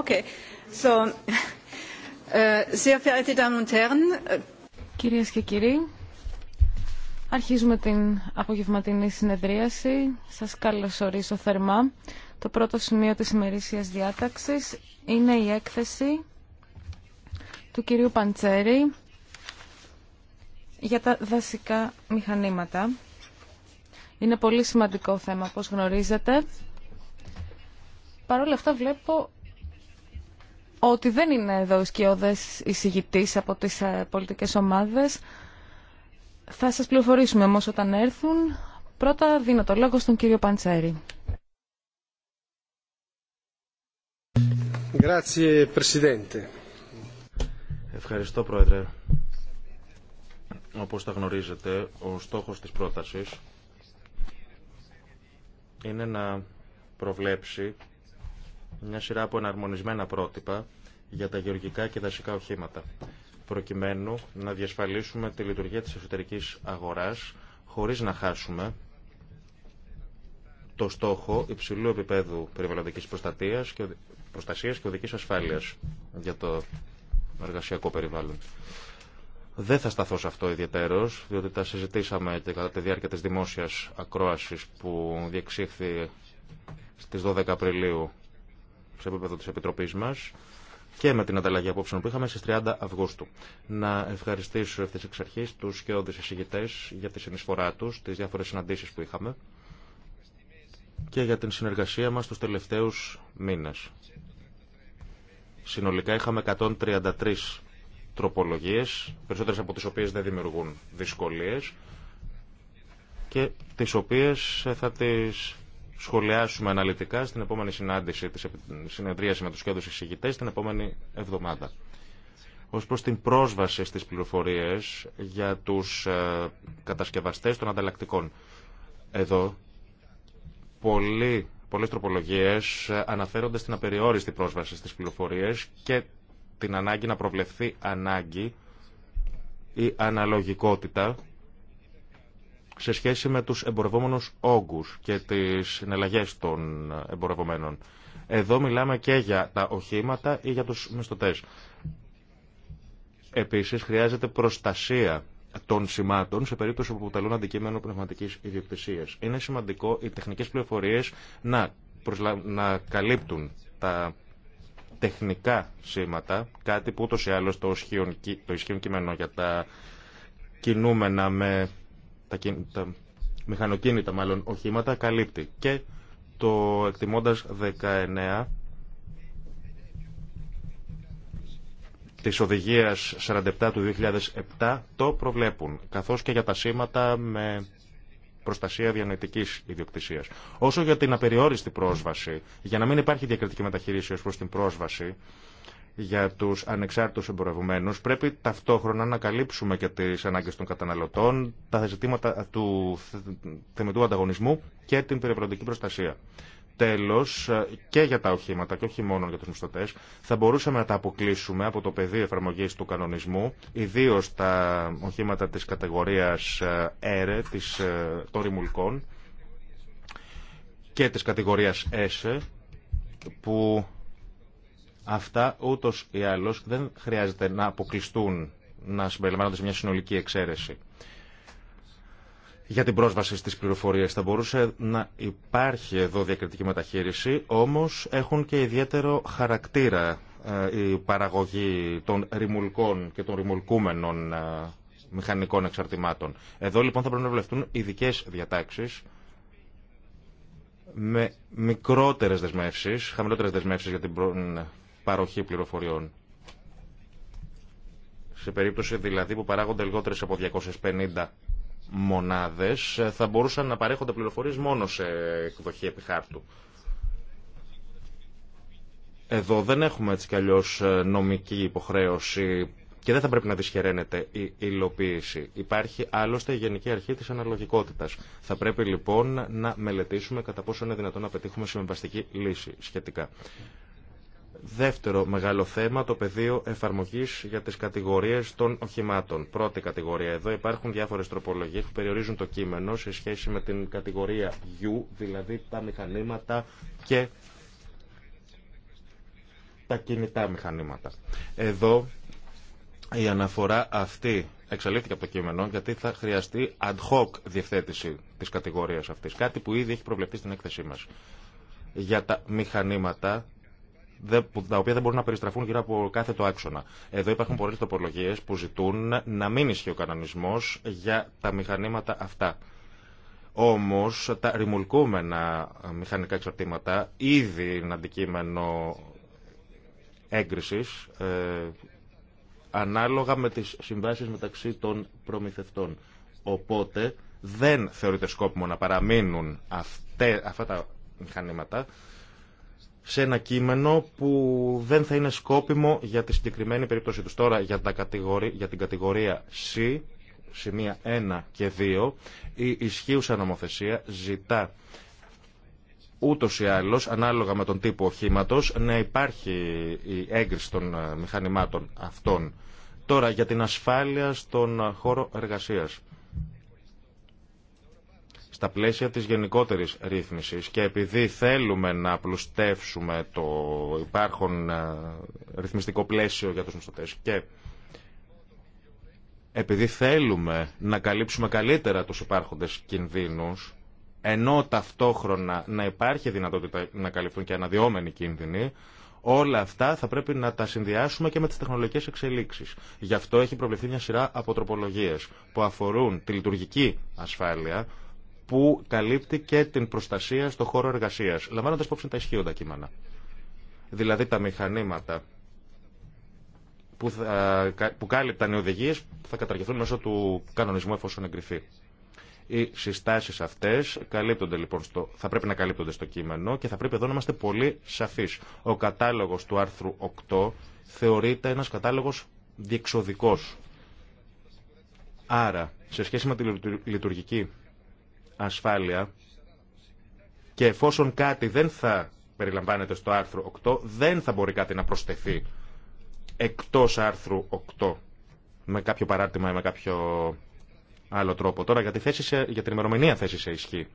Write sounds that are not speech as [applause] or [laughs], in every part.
Okay. [laughs] Äh, äh, Κυρίες και κύριοι, αρχίζουμε την απογευματινή συνεδρίαση. Σας καλωσορίζω θερμά. Το πρώτο σημείο της ημερήσιας διάταξης είναι η έκθεση του κυρίου Παντσέρη για τα δασικά μηχανήματα. Είναι πολύ σημαντικό θέμα, όπως γνωρίζετε. Παρ' αυτά βλέπω ότι δεν είναι εδώ οι σκιώδες εισηγητής από τις ε, πολιτικές ομάδες. Θα σας πληροφορήσουμε όμως όταν έρθουν. Πρώτα δίνω το λόγο στον κύριο Παντσέρη. Ευχαριστώ, Πρόεδρε. Όπως τα γνωρίζετε, ο στόχος της πρότασης είναι να προβλέψει μια σειρά από εναρμονισμένα πρότυπα για τα γεωργικά και δασικά οχήματα, προκειμένου να διασφαλίσουμε τη λειτουργία της εσωτερικής αγοράς χωρίς να χάσουμε το στόχο υψηλού επίπεδου περιβαλλοντικής προστασίας και, προστασίας και οδικής ασφάλειας για το εργασιακό περιβάλλον. Δεν θα σταθώ σε αυτό ιδιαίτερο, διότι τα συζητήσαμε και κατά τη διάρκεια της δημόσιας ακρόασης που διεξήχθη στις 12 Απριλίου σε επίπεδο τη επιτροπή μα και με την ανταλλαγή απόψεων που είχαμε στις 30 Αυγούστου. Να ευχαριστήσω ευθύς εξ αρχή τους και εισηγητέ εισηγητές για τη συνεισφορά τους, τις διάφορες συναντήσεις που είχαμε και για την συνεργασία μας του τελευταίους μήνες. Συνολικά είχαμε 133 τροπολογίες, περισσότερες από τις οποίες δεν δημιουργούν δυσκολίες και τις οποίες θα τις σχολιάσουμε αναλυτικά στην επόμενη συνάντηση της συνεδρίας με τους κέντρους εισηγητές την επόμενη εβδομάδα. Ως προς την πρόσβαση στις πληροφορίες για τους ε, κατασκευαστές των ανταλλακτικών. Εδώ, πολλοί, πολλές τροπολογίες αναφέρονται στην απεριόριστη πρόσβαση στις πληροφορίες και την ανάγκη να προβλεφθεί ανάγκη η αναλογικότητα σε σχέση με τους εμπορευόμενους όγκους και τις συναλλαγές των εμπορευομένων. Εδώ μιλάμε και για τα οχήματα ή για τους μισθωτές. Επίσης χρειάζεται προστασία των σημάτων σε περίπτωση που αποτελούν αντικείμενο πνευματικής ιδιοκτησίας. Είναι σημαντικό οι τεχνικές πληροφορίες να, να καλύπτουν τα τεχνικά σήματα, κάτι που ούτως ή άλλως το ισχύον, το κείμενο για τα κινούμενα με τα, μηχανοκίνητα μάλλον οχήματα καλύπτει και το εκτιμώντας 19 της οδηγίας 47 του 2007 το προβλέπουν, καθώς και για τα σήματα με προστασία διανοητικής ιδιοκτησίας. Όσο για την απεριόριστη πρόσβαση, για να μην υπάρχει διακριτική μεταχείριση ως προς την πρόσβαση, για τους ανεξάρτητους εμπορευμένου, πρέπει ταυτόχρονα να καλύψουμε και τις ανάγκες των καταναλωτών, τα ζητήματα του θεμετού ανταγωνισμού και την περιβαλλοντική προστασία. Τέλος, και για τα οχήματα και όχι μόνο για τους μισθωτέ, θα μπορούσαμε να τα αποκλείσουμε από το πεδίο εφαρμογής του κανονισμού, ιδίω τα οχήματα τη κατηγορία ΕΡΕ, των ρημουλκών και τη κατηγορία ΕΣΕ, που Αυτά ούτω ή άλλω δεν χρειάζεται να αποκλειστούν να συμπεριλαμβάνονται σε μια συνολική εξαίρεση. Για την πρόσβαση στις πληροφορίες θα μπορούσε να υπάρχει εδώ διακριτική μεταχείριση, όμως έχουν και ιδιαίτερο χαρακτήρα ε, η παραγωγή των ρημουλκών και των ρημουλκούμενων ε, μηχανικών εξαρτημάτων. Εδώ λοιπόν θα πρέπει να βλεφτούν ειδικέ διατάξει με μικρότερες δεσμεύσεις, χαμηλότερες δεσμεύσεις για την παροχή πληροφοριών. Σε περίπτωση δηλαδή που παράγονται λιγότερε από 250 μονάδες θα μπορούσαν να παρέχονται πληροφορίες μόνο σε εκδοχή επιχάρτου. Εδώ δεν έχουμε έτσι κι ε, νομική υποχρέωση και δεν θα πρέπει να δυσχεραίνεται η υλοποίηση. Υπάρχει άλλωστε η Γενική Αρχή της Αναλογικότητας. Θα πρέπει λοιπόν να μελετήσουμε κατά πόσο είναι δυνατόν να πετύχουμε συμβαστική λύση σχετικά. Δεύτερο μεγάλο θέμα, το πεδίο εφαρμογή για τι κατηγορίε των οχημάτων. Πρώτη κατηγορία. Εδώ υπάρχουν διάφορε τροπολογίε που περιορίζουν το κείμενο σε σχέση με την κατηγορία U, δηλαδή τα μηχανήματα και τα κινητά μηχανήματα. Εδώ η αναφορά αυτή εξαλείφθηκε από το κείμενο γιατί θα χρειαστεί ad hoc διευθέτηση της κατηγορίας αυτής. Κάτι που ήδη έχει προβλεπτεί στην έκθεσή μας. Για τα μηχανήματα τα οποία δεν μπορούν να περιστραφούν γύρω από κάθε το άξονα. Εδώ υπάρχουν πολλέ τοπολογίε που ζητούν να μην ισχύει ο κανονισμό για τα μηχανήματα αυτά. Όμως τα ρημουλκούμενα μηχανικά εξαρτήματα ήδη είναι αντικείμενο έγκριση, ε, ανάλογα με τις συμβάσει μεταξύ των προμηθευτών. Οπότε δεν θεωρείται σκόπιμο να παραμείνουν αυτά τα μηχανήματα σε ένα κείμενο που δεν θα είναι σκόπιμο για τη συγκεκριμένη περίπτωση του Τώρα για, τα κατηγορία, για την κατηγορία C, σημεία 1 και 2, η ισχύουσα νομοθεσία ζητά ούτω ή άλλω, ανάλογα με τον τύπο οχήματο, να υπάρχει η έγκριση των ε, μηχανημάτων αυτών. Τώρα για την ασφάλεια στον χώρο εργασίας στα πλαίσια της γενικότερης ρύθμισης και επειδή θέλουμε να πλουστεύσουμε το υπάρχον ε, ρυθμιστικό πλαίσιο για τους μισθωτές και επειδή θέλουμε να καλύψουμε καλύτερα τους υπάρχοντες κινδύνους ενώ ταυτόχρονα να υπάρχει δυνατότητα να καλυφθούν και αναδυόμενοι κίνδυνοι, όλα αυτά θα πρέπει να τα συνδυάσουμε και με τις τεχνολογικές εξελίξεις. Γι' αυτό έχει προβληθεί μια σειρά αποτροπολογίες που αφορούν τη λειτουργική ασφάλεια, που καλύπτει και την προστασία στο χώρο εργασίας, λαμβάνοντας υπόψη τα ισχύοντα κείμενα. Δηλαδή τα μηχανήματα που, θα, που κάλυπταν οι οδηγίες που θα καταργηθούν μέσω του κανονισμού εφόσον εγκριθεί. Οι συστάσει αυτέ λοιπόν θα πρέπει να καλύπτονται στο κείμενο και θα πρέπει εδώ να είμαστε πολύ σαφεί. Ο κατάλογο του άρθρου 8 θεωρείται ένα κατάλογο διεξοδικό. Άρα, σε σχέση με τη λειτουργική ασφάλεια και εφόσον κάτι δεν θα περιλαμβάνεται στο άρθρο 8, δεν θα μπορεί κάτι να προσθεθεί εκτός άρθρου 8 με κάποιο παράρτημα ή με κάποιο άλλο τρόπο. Τώρα για, τη θέση για την ημερομηνία θέση σε ισχύ,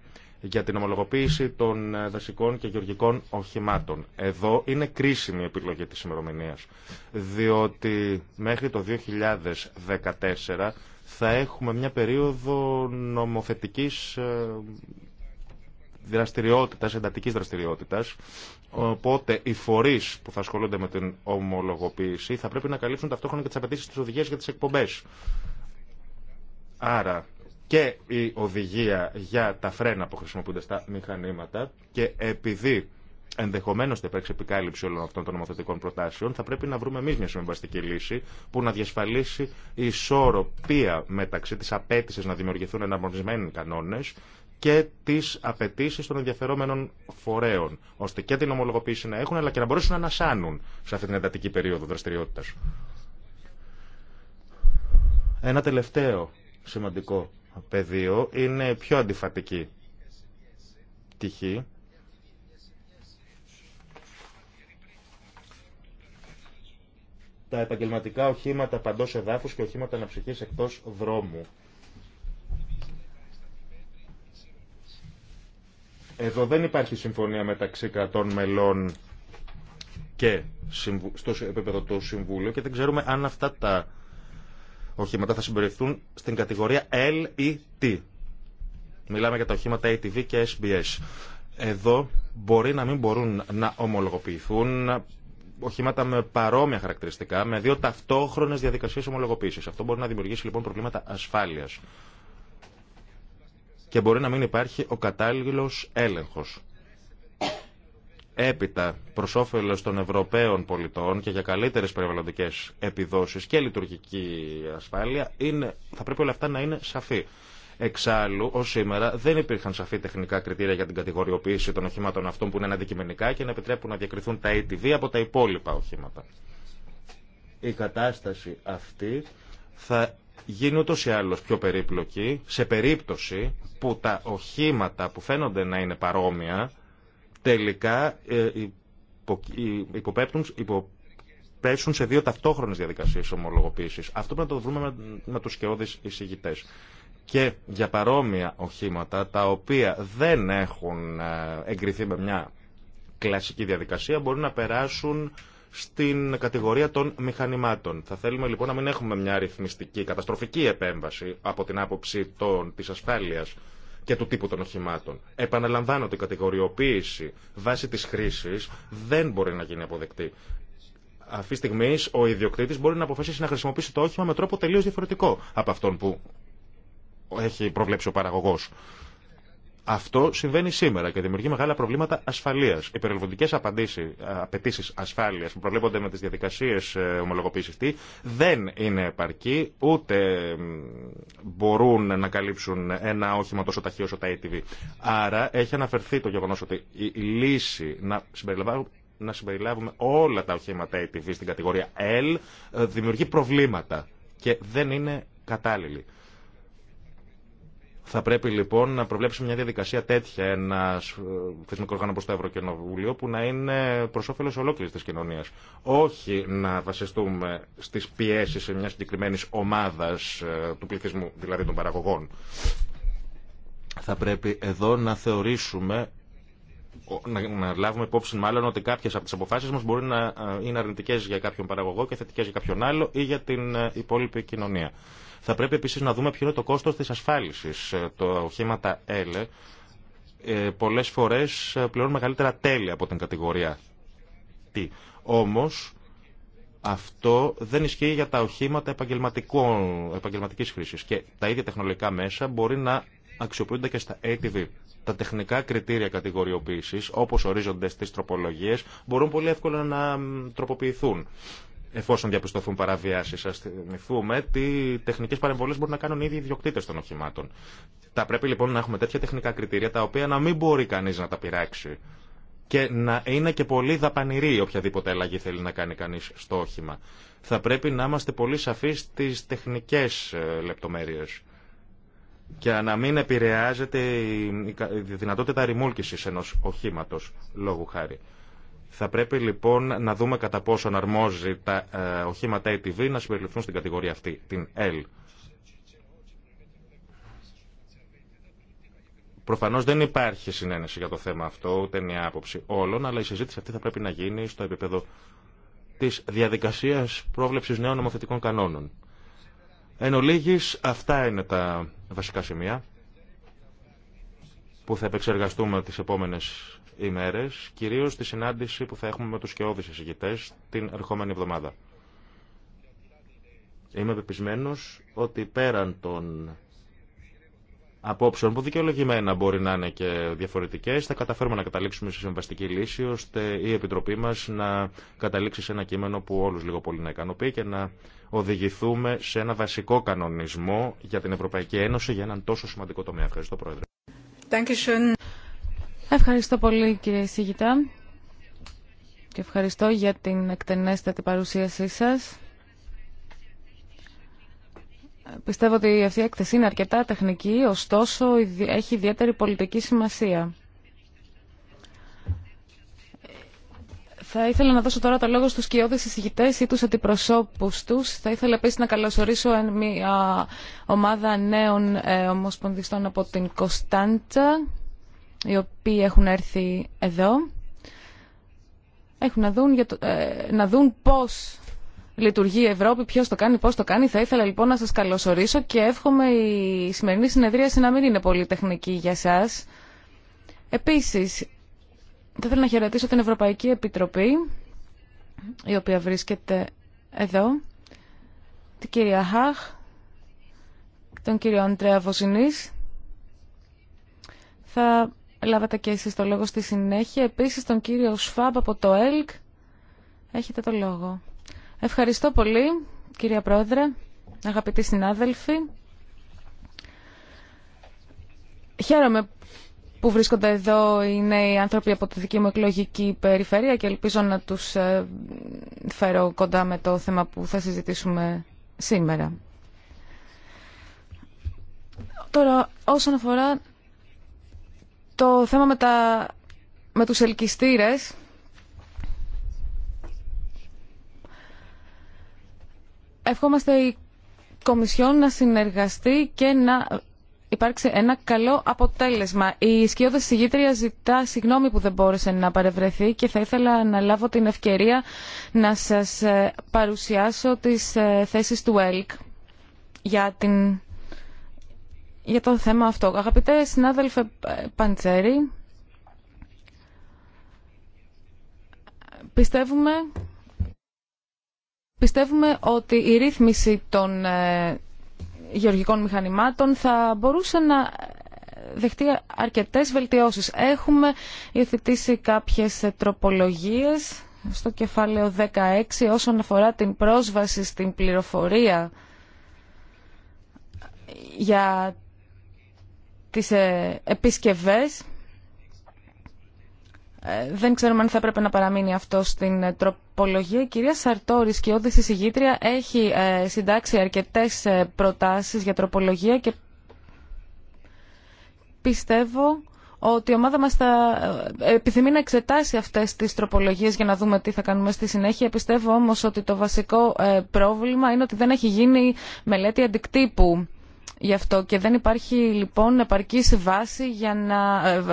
για την ομολογοποίηση των ε, δασικών και γεωργικών οχημάτων. Εδώ είναι κρίσιμη η επιλογή της ημερομηνία, διότι μέχρι το 2014 θα έχουμε μια περίοδο νομοθετικής ε, δραστηριότητας, εντατικής δραστηριότητας, οπότε οι φορείς που θα ασχολούνται με την ομολογοποίηση θα πρέπει να καλύψουν ταυτόχρονα και τις απαιτήσεις της οδηγίας για τις εκπομπές. Άρα και η οδηγία για τα φρένα που χρησιμοποιούνται στα μηχανήματα και επειδή ενδεχομένω θα υπάρξει επικάλυψη όλων αυτών των νομοθετικών προτάσεων, θα πρέπει να βρούμε εμεί μια συμβαστική λύση που να διασφαλίσει ισορροπία μεταξύ τη απέτηση να δημιουργηθούν εναρμονισμένοι κανόνε και τι απαιτήσει των ενδιαφερόμενων φορέων, ώστε και την ομολογοποίηση να έχουν, αλλά και να μπορέσουν να ανασάνουν σε αυτή την εντατική περίοδο δραστηριότητα. Ένα τελευταίο σημαντικό πεδίο είναι πιο αντιφατική τυχή. τα επαγγελματικά οχήματα παντός εδάφου και οχήματα αναψυχή εκτός δρόμου. Εδώ δεν υπάρχει συμφωνία μεταξύ κρατών μελών και στο επίπεδο του Συμβούλου και δεν ξέρουμε αν αυτά τα οχήματα θα συμπεριφθούν στην κατηγορία L ή e T. Μιλάμε για τα οχήματα ATV και SBS. Εδώ μπορεί να μην μπορούν να ομολογοποιηθούν οχήματα με παρόμοια χαρακτηριστικά, με δύο ταυτόχρονε διαδικασίε ομολογοποίηση. Αυτό μπορεί να δημιουργήσει λοιπόν προβλήματα ασφάλεια. Και μπορεί να μην υπάρχει ο κατάλληλο έλεγχο. Έπειτα, προ όφελο των Ευρωπαίων πολιτών και για καλύτερε περιβαλλοντικέ επιδόσει και λειτουργική ασφάλεια, είναι, θα πρέπει όλα αυτά να είναι σαφή. Εξάλλου, ω σήμερα δεν υπήρχαν σαφή τεχνικά κριτήρια για την κατηγοριοποίηση των οχημάτων αυτών που είναι αντικειμενικά και να επιτρέπουν να διακριθούν τα ATV από τα υπόλοιπα οχήματα. Η κατάσταση αυτή θα γίνει ούτω ή άλλω πιο περίπλοκη σε περίπτωση που τα οχήματα που φαίνονται να είναι παρόμοια τελικά ε, ε, υποπέπτουν, υποπέσουν σε δύο ταυτόχρονες διαδικασίες ομολογοποίησης. Αυτό πρέπει να το βρούμε με, με τους σκεώδεις εισηγητές και για παρόμοια οχήματα τα οποία δεν έχουν ε, εγκριθεί με μια κλασική διαδικασία μπορούν να περάσουν στην κατηγορία των μηχανημάτων. Θα θέλουμε λοιπόν να μην έχουμε μια ρυθμιστική, καταστροφική επέμβαση από την άποψη των, της ασφάλειας και του τύπου των οχημάτων. Επαναλαμβάνω ότι η κατηγοριοποίηση βάσει της χρήσης δεν μπορεί να γίνει αποδεκτή. Αυτή τη στιγμή ο ιδιοκτήτη μπορεί να αποφασίσει να χρησιμοποιήσει το όχημα με τρόπο τελείω διαφορετικό από αυτόν που έχει προβλέψει ο παραγωγό. Αυτό συμβαίνει σήμερα και δημιουργεί μεγάλα προβλήματα ασφαλεία. Οι περιβαλλοντικέ ε, απαιτήσει ασφάλεια που προβλέπονται με τι διαδικασίε ομολογοποίηση τι δεν είναι επαρκή, ούτε μπορούν να καλύψουν ένα όχημα τόσο ταχύ όσο τα ATV. Άρα έχει αναφερθεί το γεγονό ότι η λύση να συμπεριλαμβάνουν να συμπεριλάβουμε όλα τα οχήματα ATV στην κατηγορία L ε, δημιουργεί προβλήματα και δεν είναι κατάλληλη. Θα πρέπει λοιπόν να προβλέψουμε μια διαδικασία τέτοια, ένα ε, θεσμικό όργανο όπω το Ευρωκοινοβούλιο, που να είναι προ όφελο ολόκληρη τη κοινωνία. Όχι να βασιστούμε στι πιέσει μια συγκεκριμένη ομάδα ε, του πληθυσμού, δηλαδή των παραγωγών. Θα πρέπει εδώ να θεωρήσουμε να, να λάβουμε υπόψη μάλλον ότι κάποιε από τι αποφάσει μα μπορεί να ε, είναι αρνητικέ για κάποιον παραγωγό και θετικέ για κάποιον άλλο ή για την υπόλοιπη κοινωνία. Θα πρέπει επίση να δούμε ποιο είναι το κόστο τη ασφάλιση. Ε, το οχήματα ΕΛΕ πολλέ φορέ ε, πληρώνουν μεγαλύτερα τέλη από την κατηγορία T. Όμω αυτό δεν ισχύει για τα οχήματα επαγγελματική χρήση. Και τα ίδια τεχνολογικά μέσα μπορεί να αξιοποιούνται και στα ATV. Τα τεχνικά κριτήρια κατηγοριοποίηση, όπω ορίζονται στι τροπολογίε, μπορούν πολύ εύκολα να τροποποιηθούν εφόσον διαπιστωθούν παραβιάσει. Α θυμηθούμε τι τεχνικέ παρεμβολέ μπορούν να κάνουν οι ίδιοι ιδιοκτήτε των οχημάτων. Θα πρέπει λοιπόν να έχουμε τέτοια τεχνικά κριτήρια τα οποία να μην μπορεί κανεί να τα πειράξει και να είναι και πολύ δαπανηρή οποιαδήποτε αλλαγή θέλει να κάνει κανεί στο όχημα. Θα πρέπει να είμαστε πολύ σαφεί στι τεχνικέ ε, λεπτομέρειε και να μην επηρεάζεται η δυνατότητα ρημούλκησης ενός οχήματος, λόγου χάρη. Θα πρέπει λοιπόν να δούμε κατά πόσο αρμόζει τα ε, οχήματα ATV να συμπεριληφθούν στην κατηγορία αυτή, την L. Προφανώ δεν υπάρχει συνένεση για το θέμα αυτό, ούτε μια άποψη όλων, αλλά η συζήτηση αυτή θα πρέπει να γίνει στο επίπεδο τη διαδικασία πρόβλεψη νέων νομοθετικών κανόνων. Εν ολίγης, αυτά είναι τα βασικά σημεία που θα επεξεργαστούμε τις επόμενες Κυρίω κυρίως τη συνάντηση που θα έχουμε με τους σκεώδει εισηγητέ την ερχόμενη εβδομάδα. Είμαι πεπισμένος ότι πέραν των απόψεων που δικαιολογημένα μπορεί να είναι και διαφορετικέ, θα καταφέρουμε να καταλήξουμε σε συμβαστική λύση ώστε η Επιτροπή μα να καταλήξει σε ένα κείμενο που όλου λίγο πολύ να ικανοποιεί και να οδηγηθούμε σε ένα βασικό κανονισμό για την Ευρωπαϊκή Ένωση για έναν τόσο σημαντικό τομέα. Ευχαριστώ Πρόεδρε. Ευχαριστώ πολύ κύριε Σίγητα και ευχαριστώ για την εκτενέστατη παρουσίασή σας. Πιστεύω ότι αυτή η έκθεση είναι αρκετά τεχνική, ωστόσο έχει ιδιαίτερη πολιτική σημασία. Θα ήθελα να δώσω τώρα το λόγο στους κοιόδες εισηγητές ή τους αντιπροσώπους τους. Θα ήθελα επίσης να καλωσορίσω μια ομάδα νέων ε, ομοσπονδιστών από την Κωνσταντζα οι οποίοι έχουν έρθει εδώ έχουν να δουν, για ε, να δουν πώς λειτουργεί η Ευρώπη, ποιος το κάνει, πώς το κάνει. Θα ήθελα λοιπόν να σας καλωσορίσω και εύχομαι η σημερινή συνεδρία να μην είναι πολύ τεχνική για σας. Επίσης, θα ήθελα να χαιρετήσω την Ευρωπαϊκή Επιτροπή, η οποία βρίσκεται εδώ, την κυρία Χαχ, τον κύριο Αντρέα Βοσινής. Θα λάβατε και εσείς το λόγο στη συνέχεια. Επίσης τον κύριο Σφάμπ από το ΕΛΚ. Έχετε το λόγο. Ευχαριστώ πολύ, κυρία Πρόεδρε, αγαπητοί συνάδελφοι. Χαίρομαι που βρίσκονται εδώ οι νέοι άνθρωποι από τη δική μου εκλογική περιφέρεια και ελπίζω να τους ε, φέρω κοντά με το θέμα που θα συζητήσουμε σήμερα. Τώρα, όσον αφορά το θέμα με, τα, με τους ελκυστήρες ευχόμαστε η Κομισιόν να συνεργαστεί και να υπάρξει ένα καλό αποτέλεσμα. Η σκιώδη συγγήτρια ζητά συγγνώμη που δεν μπόρεσε να παρευρεθεί και θα ήθελα να λάβω την ευκαιρία να σας ε, παρουσιάσω τις ε, θέσεις του ΕΛΚ για την για το θέμα αυτό. Αγαπητέ συνάδελφε Παντσέρη, πιστεύουμε, πιστεύουμε ότι η ρύθμιση των ε, γεωργικών μηχανημάτων θα μπορούσε να δεχτεί αρκετές βελτιώσεις. Έχουμε υιοθετήσει κάποιες τροπολογίες στο κεφάλαιο 16 όσον αφορά την πρόσβαση στην πληροφορία για τις ε, επισκευές. Ε, δεν ξέρουμε αν θα έπρεπε να παραμείνει αυτό στην ε, τροπολογία. Η κυρία Σαρτόρης, και η εισηγήτρια, έχει συντάξει αρκετές προτάσεις για τροπολογία και πιστεύω ότι η ομάδα μας θα επιθυμεί να εξετάσει αυτές τις τροπολογίες για να δούμε τι θα κάνουμε στη συνέχεια. Πιστεύω όμως ότι το βασικό πρόβλημα είναι ότι δεν έχει γίνει μελέτη αντικτύπου γι' αυτό και δεν υπάρχει λοιπόν επαρκή βάση, για να, ε,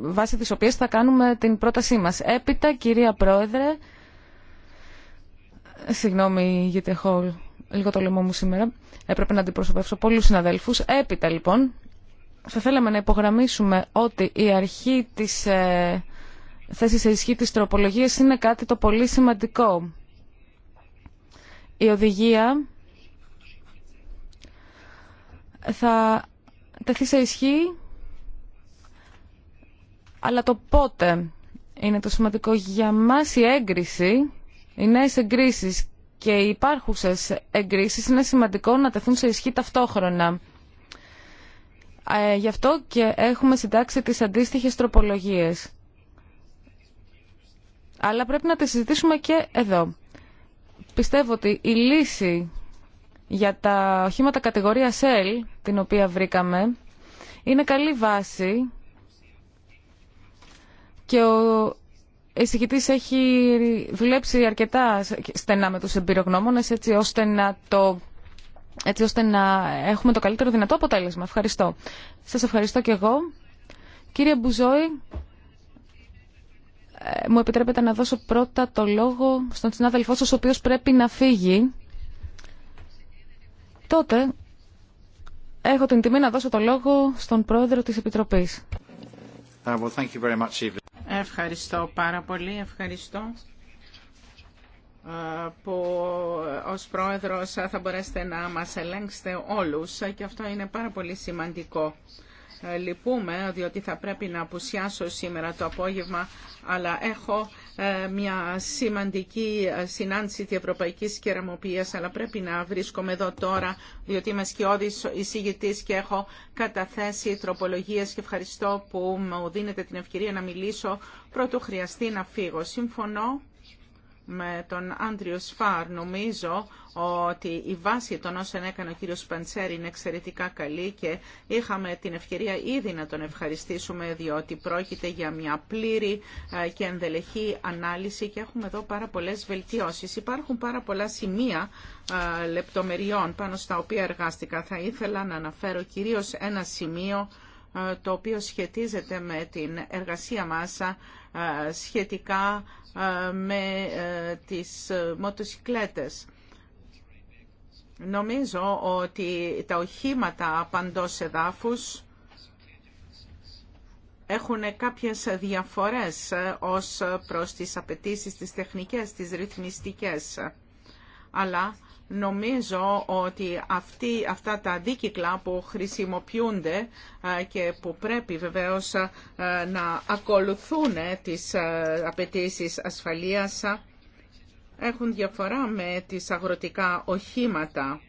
βάση της οποίας θα κάνουμε την πρότασή μας. Έπειτα, κυρία Πρόεδρε, συγγνώμη γιατί έχω λίγο το λαιμό μου σήμερα, έπρεπε να αντιπροσωπεύσω πολλούς συναδέλφους. Έπειτα λοιπόν, θα θέλαμε να υπογραμμίσουμε ότι η αρχή της ε, θέσης σε ισχύ της τροπολογίας είναι κάτι το πολύ σημαντικό. Η οδηγία θα τεθεί σε ισχύ, αλλά το πότε είναι το σημαντικό για μας η έγκριση, οι νέες εγκρίσεις και οι υπάρχουσες εγκρίσεις είναι σημαντικό να τεθούν σε ισχύ ταυτόχρονα. Ε, γι' αυτό και έχουμε συντάξει τις αντίστοιχες τροπολογίες. Αλλά πρέπει να τις συζητήσουμε και εδώ. Πιστεύω ότι η λύση για τα οχήματα κατηγορία L την οποία βρήκαμε είναι καλή βάση και ο εισηγητής έχει δουλέψει αρκετά στενά με τους εμπειρογνώμονες έτσι ώστε να το έτσι ώστε να έχουμε το καλύτερο δυνατό αποτέλεσμα. Ευχαριστώ. Σας ευχαριστώ και εγώ. Κύριε Μπουζόη, ε, μου επιτρέπετε να δώσω πρώτα το λόγο στον συνάδελφό σας, ο οποίος πρέπει να φύγει. Τότε Έχω την τιμή να δώσω το λόγο στον πρόεδρο της Επιτροπής. Uh, ευχαριστώ πάρα πολύ, ευχαριστώ uh, που ως πρόεδρος θα μπορέσετε να μας ελέγξετε όλους και αυτό είναι πάρα πολύ σημαντικό. Uh, λυπούμε διότι θα πρέπει να απουσιάσω σήμερα το απόγευμα, αλλά έχω ε, μια σημαντική ε, συνάντηση της Ευρωπαϊκής Κεραμοποιίας, αλλά πρέπει να βρίσκομαι εδώ τώρα, διότι είμαι σκιώδης εισηγητής και έχω καταθέσει τροπολογίες και ευχαριστώ που μου δίνετε την ευκαιρία να μιλήσω, πρώτου χρειαστεί να φύγω. Συμφωνώ με τον Άντριο Σφάρ νομίζω ότι η βάση των όσων έκανε ο κύριος Παντσέρη είναι εξαιρετικά καλή και είχαμε την ευκαιρία ήδη να τον ευχαριστήσουμε διότι πρόκειται για μια πλήρη ε, και ενδελεχή ανάλυση και έχουμε εδώ πάρα πολλές βελτιώσεις. Υπάρχουν πάρα πολλά σημεία ε, λεπτομεριών πάνω στα οποία εργάστηκα. Θα ήθελα να αναφέρω κυρίως ένα σημείο ε, το οποίο σχετίζεται με την εργασία μας σχετικά με ε, τις ε, μοτοσυκλέτες. Νομίζω ότι τα οχήματα παντός εδάφους έχουν κάποιες διαφορές ε, ως προς τις απαιτήσεις, τις τεχνικές, τις ρυθμιστικές. Αλλά Νομίζω ότι αυτά τα δίκυκλα που χρησιμοποιούνται ε, και που πρέπει βεβαίως ε, να ακολουθούν τις ε, απαιτήσει ασφαλείας έχουν διαφορά με τις αγροτικά οχήματα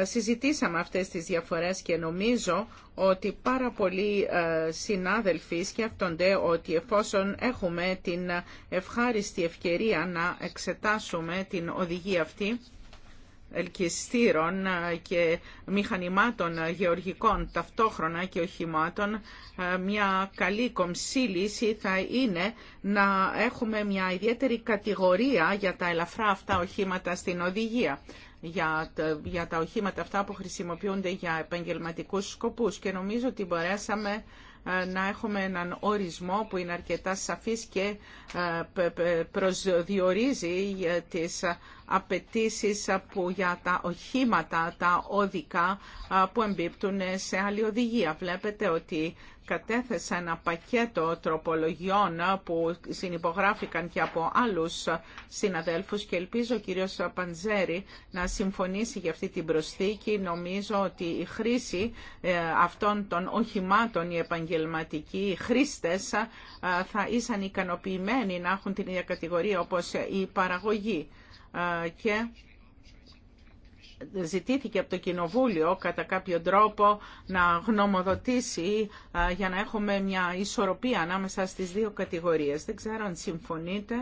ε, συζητήσαμε αυτές τις διαφορές και νομίζω ότι πάρα πολλοί ε, συνάδελφοι σκέφτονται ότι εφόσον έχουμε την ευχάριστη ευκαιρία να εξετάσουμε την οδηγία αυτή, ελκυστήρων ε, και μηχανημάτων ε, γεωργικών ταυτόχρονα και οχημάτων, ε, μια καλή κομψή λύση θα είναι να έχουμε μια ιδιαίτερη κατηγορία για τα ελαφρά αυτά οχήματα στην οδηγία για τα οχήματα αυτά που χρησιμοποιούνται για επαγγελματικούς σκοπούς και νομίζω ότι μπορέσαμε να έχουμε έναν ορισμό που είναι αρκετά σαφής και ε, προσδιορίζει ε, τις απαιτήσει που για τα οχήματα, τα οδικά ε, που εμπίπτουν σε άλλη οδηγία. Βλέπετε ότι κατέθεσα ένα πακέτο τροπολογιών που συνυπογράφηκαν και από άλλους συναδέλφους και ελπίζω ο κύριος Παντζέρη να συμφωνήσει για αυτή την προσθήκη. Νομίζω ότι η χρήση ε, αυτών των οχημάτων, οι επαγγελματικοί οι χρήστες ε, θα ήσαν ικανοποιημένοι να έχουν την ίδια κατηγορία όπως η παραγωγή. Ε, και ζητήθηκε από το Κοινοβούλιο κατά κάποιο τρόπο να γνωμοδοτήσει για να έχουμε μια ισορροπία ανάμεσα στις δύο κατηγορίες. Δεν ξέρω αν συμφωνείτε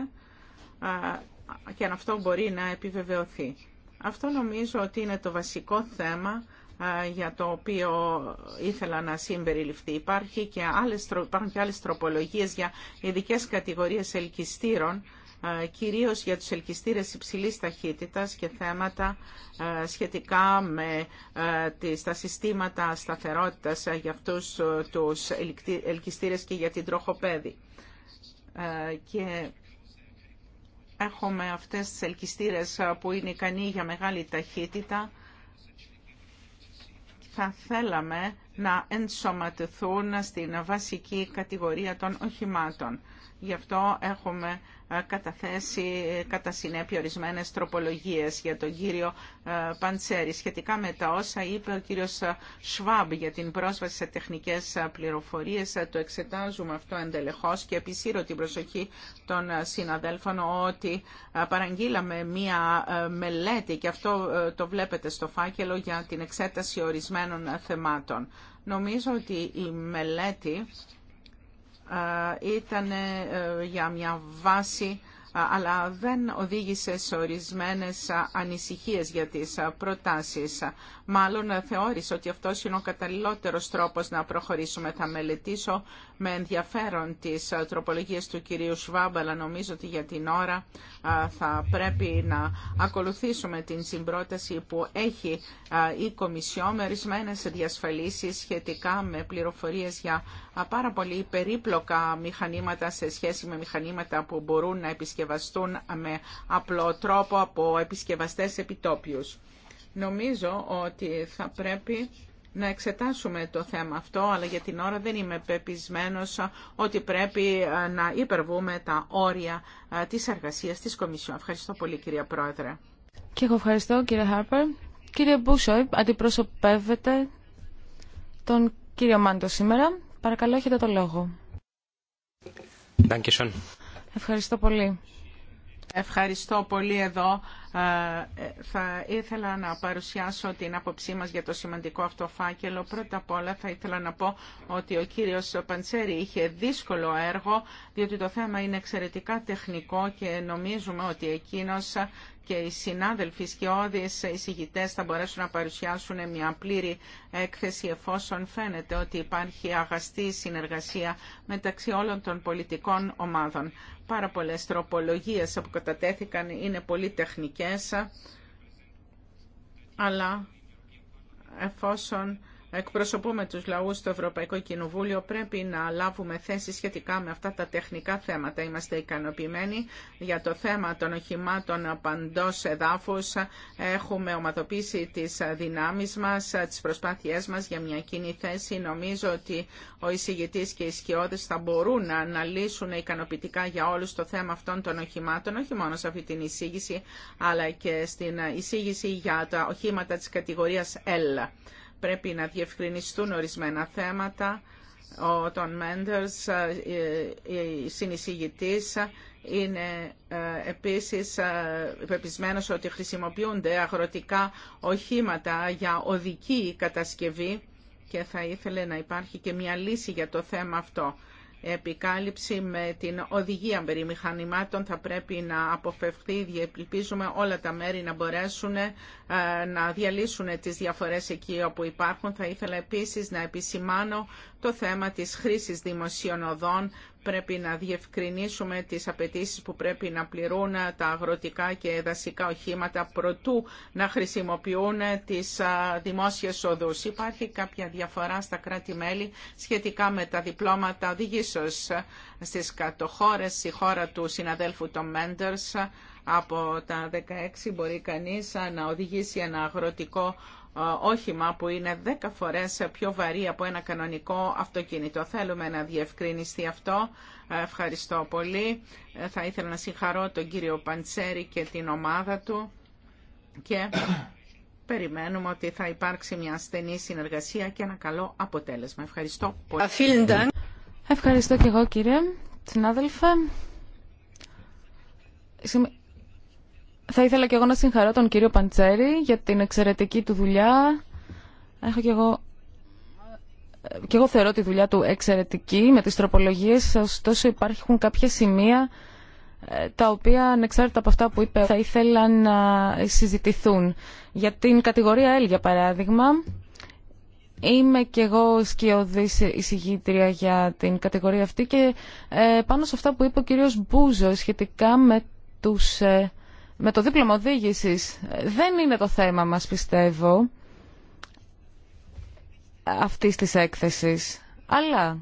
και αν αυτό μπορεί να επιβεβαιωθεί. Αυτό νομίζω ότι είναι το βασικό θέμα για το οποίο ήθελα να συμπεριληφθεί. Υπάρχει και άλλες, υπάρχουν και άλλες τροπολογίες για ειδικέ κατηγορίες ελκυστήρων κυρίως για τους ελκυστήρες υψηλής ταχύτητας και θέματα σχετικά με τα συστήματα σταθερότητας για αυτούς τους ελκυστήρες και για την τροχοπέδη. Και έχουμε αυτές τις ελκυστήρες που είναι ικανοί για μεγάλη ταχύτητα. Θα θέλαμε να ενσωματωθούν στην βασική κατηγορία των οχημάτων. Γι' αυτό έχουμε ε, καταθέσει ε, κατά συνέπεια ορισμένε τροπολογίες για τον κύριο ε, Παντσέρη σχετικά με τα όσα είπε ο κύριος Σβάμπ για την πρόσβαση σε τεχνικές πληροφορίες. Το εξετάζουμε αυτό εντελεχώς και επισύρω την προσοχή των συναδέλφων ότι παραγγείλαμε μία μελέτη και αυτό το βλέπετε στο φάκελο για την εξέταση ορισμένων θεμάτων. Νομίζω ότι η μελέτη ήταν ε, για μια βάση αλλά δεν οδήγησε σε ορισμένες ανησυχίες για τις προτάσεις. Μάλλον ε, θεώρησε ότι αυτό είναι ο καταλληλότερος τρόπος να προχωρήσουμε. Θα μελετήσω με ενδιαφέρον τις τροπολογίες του κυρίου Σβάμπ, αλλά νομίζω ότι για την ώρα θα πρέπει να ακολουθήσουμε την συμπρόταση που έχει η Κομισιό με ορισμένε διασφαλίσεις σχετικά με πληροφορίες για πάρα πολύ περίπλοκα μηχανήματα σε σχέση με μηχανήματα που μπορούν να επισκεφθούν επισκευαστούν με απλό τρόπο από επισκευαστές επιτόπιους. Νομίζω ότι θα πρέπει να εξετάσουμε το θέμα αυτό, αλλά για την ώρα δεν είμαι πεπισμένος ότι πρέπει ε, να υπερβούμε τα όρια ε, της εργασίας της Κομισιόν. Ευχαριστώ πολύ κυρία Πρόεδρε. Και εγώ ευχαριστώ κύριε Χάρπερ. Κύριε Μπούσοϊ, αντιπροσωπεύετε τον κύριο Μάντο σήμερα. Παρακαλώ, έχετε το λόγο. Ευχαριστώ πολύ. Ευχαριστώ πολύ εδώ. Ε, θα ήθελα να παρουσιάσω την άποψή μας για το σημαντικό αυτό φάκελο. Πρώτα απ' όλα θα ήθελα να πω ότι ο κύριος Παντσέρη είχε δύσκολο έργο, διότι το θέμα είναι εξαιρετικά τεχνικό και νομίζουμε ότι εκείνος και οι συνάδελφοι σκιώδεις εισηγητές θα μπορέσουν να παρουσιάσουν μια πλήρη έκθεση εφόσον φαίνεται ότι υπάρχει αγαστή συνεργασία μεταξύ όλων των πολιτικών ομάδων. Πάρα πολλές τροπολογίες που κατατέθηκαν είναι πολύ τεχνικές, αλλά εφόσον εκπροσωπούμε τους λαούς στο Ευρωπαϊκό Κοινοβούλιο πρέπει να λάβουμε θέση σχετικά με αυτά τα τεχνικά θέματα. Είμαστε ικανοποιημένοι για το θέμα των οχημάτων παντός εδάφους. Έχουμε ομαδοποίησει τις δυνάμεις μας, τις προσπάθειές μας για μια κοινή θέση. Νομίζω ότι ο εισηγητής και οι σκιώδες θα μπορούν να αναλύσουν ικανοποιητικά για όλους το θέμα αυτών των οχημάτων, όχι μόνο σε αυτή την εισήγηση, αλλά και στην εισήγηση για τα οχήματα της κατηγορίας L πρέπει να διευκρινιστούν ορισμένα θέματα. Ο Τον Μέντερς, ε, ε, η συνεισηγητής, είναι ε, επίσης πεπισμένος ότι χρησιμοποιούνται αγροτικά οχήματα για οδική κατασκευή και θα ήθελε να υπάρχει και μια λύση για το θέμα αυτό επικάλυψη με την οδηγία περί μηχανημάτων θα πρέπει να αποφευχθεί. Ελπίζουμε όλα τα μέρη να μπορέσουν ε, να διαλύσουν τις διαφορές εκεί όπου υπάρχουν. Θα ήθελα επίσης να επισημάνω το θέμα της χρήσης δημοσίων οδών πρέπει να διευκρινίσουμε τις απαιτήσεις που πρέπει να πληρούν τα αγροτικά και δασικά οχήματα προτού να χρησιμοποιούν τις δημόσιες οδούς. Υπάρχει κάποια διαφορά στα κράτη-μέλη σχετικά με τα διπλώματα οδηγήσεως στις κατοχώρες, Στη χώρα του συναδέλφου των Μέντερς από τα 16 μπορεί κανείς να οδηγήσει ένα αγροτικό ε, όχημα που είναι 10 φορές πιο βαρύ από ένα κανονικό αυτοκίνητο. Θέλουμε να διευκρινιστεί αυτό. Ε, ευχαριστώ πολύ. Ε, θα ήθελα να συγχαρώ τον κύριο Παντσέρη και την ομάδα του και περιμένουμε ότι θα υπάρξει μια στενή συνεργασία και ένα καλό αποτέλεσμα. Ευχαριστώ πολύ. Ευχαριστώ και εγώ κύριε συνάδελφε. Θα ήθελα και εγώ να συγχαρώ τον κύριο Παντσέρη για την εξαιρετική του δουλειά. Έχω και εγώ... Και εγώ θεωρώ τη δουλειά του εξαιρετική με τις τροπολογίες, ωστόσο υπάρχουν κάποια σημεία ε, τα οποία ανεξάρτητα από αυτά που είπε θα ήθελα να συζητηθούν. Για την κατηγορία L για παράδειγμα, είμαι και εγώ σκιωδής εισηγήτρια για την κατηγορία αυτή και ε, πάνω σε αυτά που είπε ο κύριος Μπούζο σχετικά με τους ε, με το δίπλωμα οδήγηση δεν είναι το θέμα μας πιστεύω αυτή της έκθεσης. Αλλά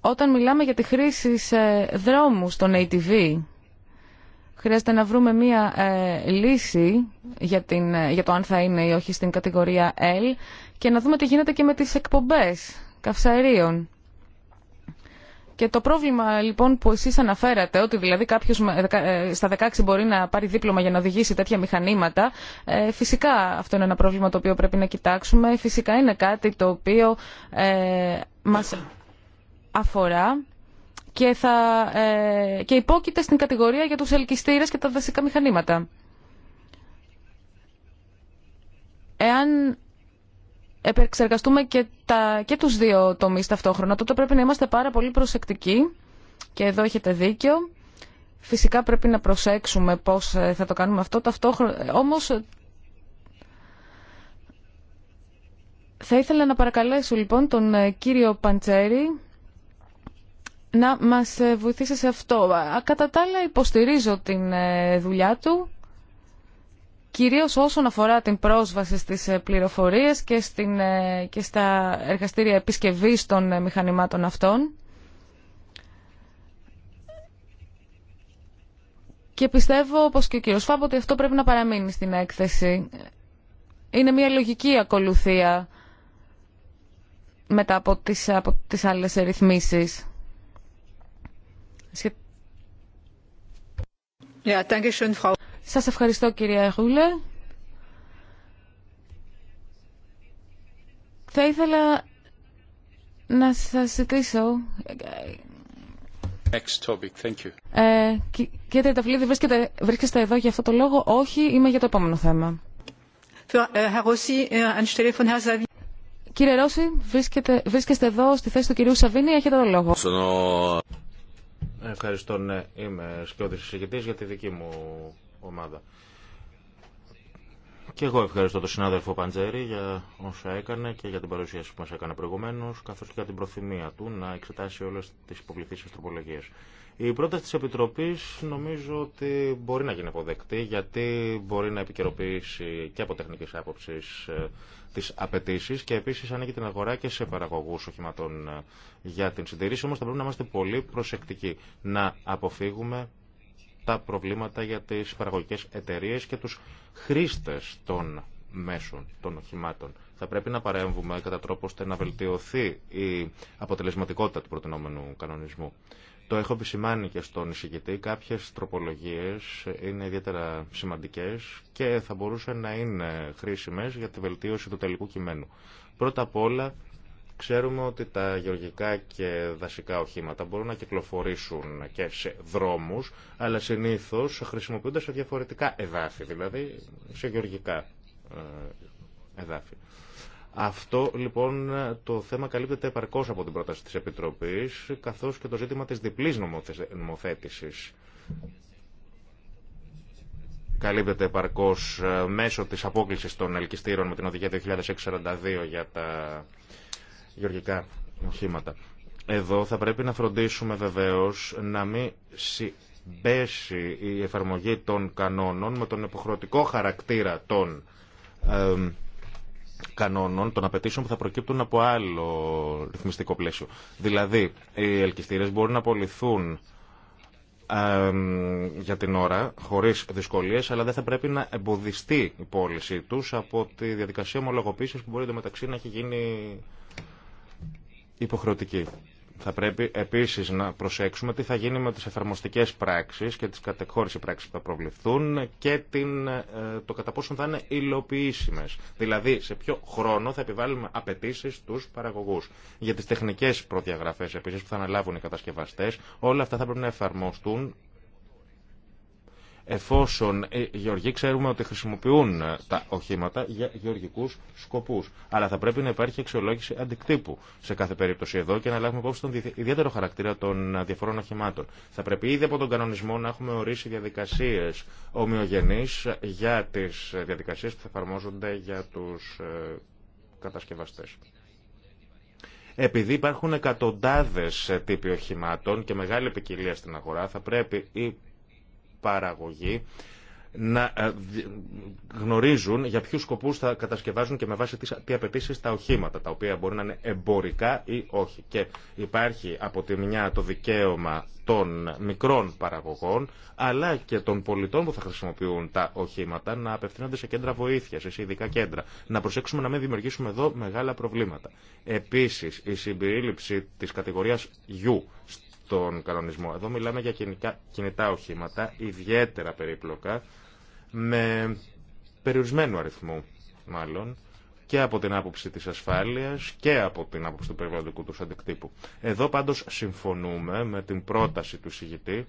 όταν μιλάμε για τη χρήση σε δρόμου στον ATV, χρειάζεται να βρούμε μία ε, λύση για, την, ε, για το αν θα είναι ή όχι στην κατηγορία L και να δούμε τι γίνεται και με τις εκπομπές καυσαερίων. Και το πρόβλημα λοιπόν που εσείς αναφέρατε, ότι δηλαδή κάποιο ε, στα 16 μπορεί να πάρει δίπλωμα για να οδηγήσει τέτοια μηχανήματα, ε, φυσικά αυτό είναι ένα πρόβλημα το οποίο πρέπει να κοιτάξουμε. Φυσικά είναι κάτι το οποίο ε, μας αφορά και, θα, ε, και υπόκειται στην κατηγορία για τους ελκυστήρες και τα δασικά μηχανήματα. Εάν επεξεργαστούμε και, τα, και τους δύο τομείς ταυτόχρονα, τότε πρέπει να είμαστε πάρα πολύ προσεκτικοί και εδώ έχετε δίκιο. Φυσικά πρέπει να προσέξουμε πώς ε, θα το κάνουμε αυτό ταυτόχρονα. Όμως ε, θα ήθελα να παρακαλέσω λοιπόν τον ε, κύριο Παντσέρη να μας βοηθήσει σε αυτό. Κατά τα άλλα υποστηρίζω την δουλειά του κυρίως όσον αφορά την πρόσβαση στις ε, πληροφορίες και, στην, ε, στα εργαστήρια επισκευής των ε, μηχανημάτων αυτών. Και πιστεύω, όπως και ο κύριος Φάμπο, ότι αυτό πρέπει να παραμείνει στην έκθεση. Είναι μια λογική ακολουθία μετά από τις, από τις άλλες ρυθμίσεις. Σας ευχαριστώ κυρία Γούλε. Θα ήθελα να σας ζητήσω... Ε, κύριε Τρεταφυλλίδη, βρίσκεστε, εδώ για αυτό το λόγο. Όχι, είμαι για το επόμενο θέμα. Äh, äh, κύριε Ρώση, βρίσκεστε εδώ στη θέση του κυρίου Σαβίνη. Έχετε το λόγο. Ευχαριστώ, ναι. Είμαι σκιώδης εισηγητής για τη δική μου ομάδα. Και εγώ ευχαριστώ τον συνάδελφο Παντζέρη για όσα έκανε και για την παρουσίαση που μα έκανε προηγουμένω, καθώ και για την προθυμία του να εξετάσει όλε τι υποβληθεί τροπολογίε. Η πρόταση τη Επιτροπή νομίζω ότι μπορεί να γίνει αποδεκτή, γιατί μπορεί να επικαιροποιήσει και από τεχνική άποψη ε, τι απαιτήσει και επίση ανοίγει την αγορά και σε παραγωγού οχηματών ε, για την συντηρήση. Όμω θα πρέπει να είμαστε πολύ προσεκτικοί να αποφύγουμε τα προβλήματα για τις παραγωγικές εταιρείες και τους χρήστες των μέσων, των οχημάτων. Θα πρέπει να παρέμβουμε κατά τρόπο ώστε να βελτιωθεί η αποτελεσματικότητα του προτινόμενου κανονισμού. Το έχω επισημάνει και στον εισηγητή. Κάποιες τροπολογίες είναι ιδιαίτερα σημαντικές και θα μπορούσαν να είναι χρήσιμες για τη βελτίωση του τελικού κειμένου. Πρώτα απ' όλα Ξέρουμε ότι τα γεωργικά και δασικά οχήματα μπορούν να κυκλοφορήσουν και σε δρόμους, αλλά συνήθως χρησιμοποιούνται σε διαφορετικά εδάφη, δηλαδή σε γεωργικά ε, εδάφη. Αυτό λοιπόν το θέμα καλύπτεται επαρκώς από την πρόταση της Επιτροπής, καθώς και το ζήτημα της διπλής νομοθέτησης καλύπτεται επαρκώς ε, μέσω της απόκλησης των ελκυστήρων με την οδηγία 2642 για τα γεωργικά οχήματα. Εδώ θα πρέπει να φροντίσουμε βεβαίως να μην συμπέσει η εφαρμογή των κανόνων με τον υποχρεωτικό χαρακτήρα των κανόνων, των απαιτήσεων που θα προκύπτουν από άλλο ρυθμιστικό πλαίσιο. Δηλαδή, οι ελκυστήρες μπορούν να απολυθούν για την ώρα, χωρί δυσκολίε, αλλά δεν θα πρέπει να εμποδιστεί η πώλησή του από τη διαδικασία ομολογοποίηση που μπορεί μεταξύ να έχει γίνει υποχρεωτική. Θα πρέπει επίση να προσέξουμε τι θα γίνει με τι εφαρμοστικέ πράξει και τι κατεχώρηση πράξει που θα προβληθούν και την, ε, το κατά πόσο θα είναι υλοποιήσιμε. Δηλαδή, σε ποιο χρόνο θα επιβάλλουμε απαιτήσει στου παραγωγού. Για τι τεχνικέ προδιαγραφέ επίση που θα αναλάβουν οι κατασκευαστέ, όλα αυτά θα πρέπει να εφαρμοστούν εφόσον οι ε, γεωργοί ξέρουμε ότι χρησιμοποιούν ε, τα οχήματα για γεωργικούς σκοπούς. Αλλά θα πρέπει να υπάρχει αξιολόγηση αντικτύπου σε κάθε περίπτωση εδώ και να λάβουμε υπόψη τον ιδιαίτερο χαρακτήρα των ε, διαφορών οχημάτων. Θα πρέπει ήδη από τον κανονισμό να έχουμε ορίσει διαδικασίες ομοιογενείς για τις διαδικασίες που θα εφαρμόζονται για τους κατασκευαστές επειδή υπάρχουν εκατοντάδε τύποι οχημάτων και μεγάλη ποικιλία στην αγορά, θα πρέπει παραγωγή να ε, γνωρίζουν για ποιους σκοπούς θα κατασκευάζουν και με βάση τι απαιτήσει τα οχήματα, τα οποία μπορεί να είναι εμπορικά ή όχι. Και υπάρχει από τη μια το δικαίωμα των μικρών παραγωγών, αλλά και των πολιτών που θα χρησιμοποιούν τα οχήματα να απευθύνονται σε κέντρα βοήθεια, σε ειδικά κέντρα. Να προσέξουμε να μην δημιουργήσουμε εδώ μεγάλα προβλήματα. Επίση, η συμπερίληψη τη κατηγορία U τον κανονισμό. Εδώ μιλάμε για κινητά, κινητά οχήματα, ιδιαίτερα περίπλοκα, με περιορισμένο αριθμό μάλλον, και από την άποψη της ασφάλειας και από την άποψη του περιβαλλοντικού του αντικτύπου. Εδώ πάντως συμφωνούμε με την πρόταση του συγητή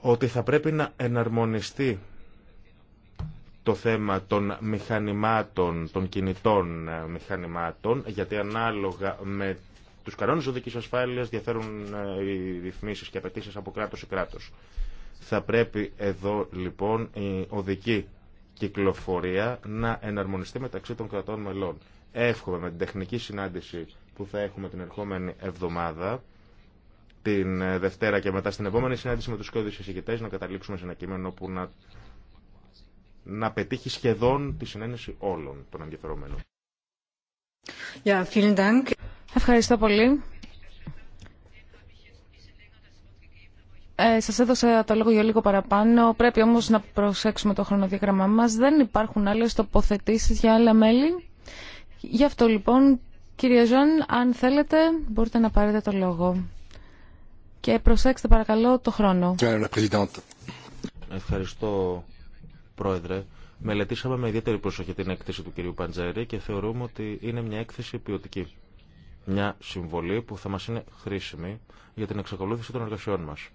ότι θα πρέπει να εναρμονιστεί το θέμα των μηχανημάτων, των κινητών ε, μηχανημάτων, γιατί ανάλογα με τους κανόνες οδικής ασφάλειας διαφέρουν ε, οι ρυθμίσεις και απαιτήσει από κράτος σε κράτος. Θα πρέπει εδώ λοιπόν η οδική κυκλοφορία να εναρμονιστεί μεταξύ των κρατών μελών. Εύχομαι με την τεχνική συνάντηση που θα έχουμε την ερχόμενη εβδομάδα, την ε, Δευτέρα και μετά στην επόμενη συνάντηση με τους κόδους εισηγητές, να καταλήξουμε σε ένα κείμενο που να, πετύχει σχεδόν τη συνένεση όλων των ενδιαφερόμενων. Ευχαριστώ πολύ. Ε, σας έδωσα το λόγο για λίγο παραπάνω. Πρέπει όμως να προσέξουμε το χρονοδιάγραμμά μα. Δεν υπάρχουν άλλες τοποθετήσει για άλλα μέλη. Γι' αυτό λοιπόν, κύριε Ζων, αν θέλετε μπορείτε να πάρετε το λόγο. Και προσέξτε παρακαλώ το χρόνο. Ευχαριστώ, Πρόεδρε. Μελετήσαμε με ιδιαίτερη προσοχή την έκθεση του κυρίου Παντζέρη και θεωρούμε ότι είναι μια έκθεση ποιοτική. Μια συμβολή που θα μας είναι χρήσιμη για την εξακολούθηση των εργασιών μας.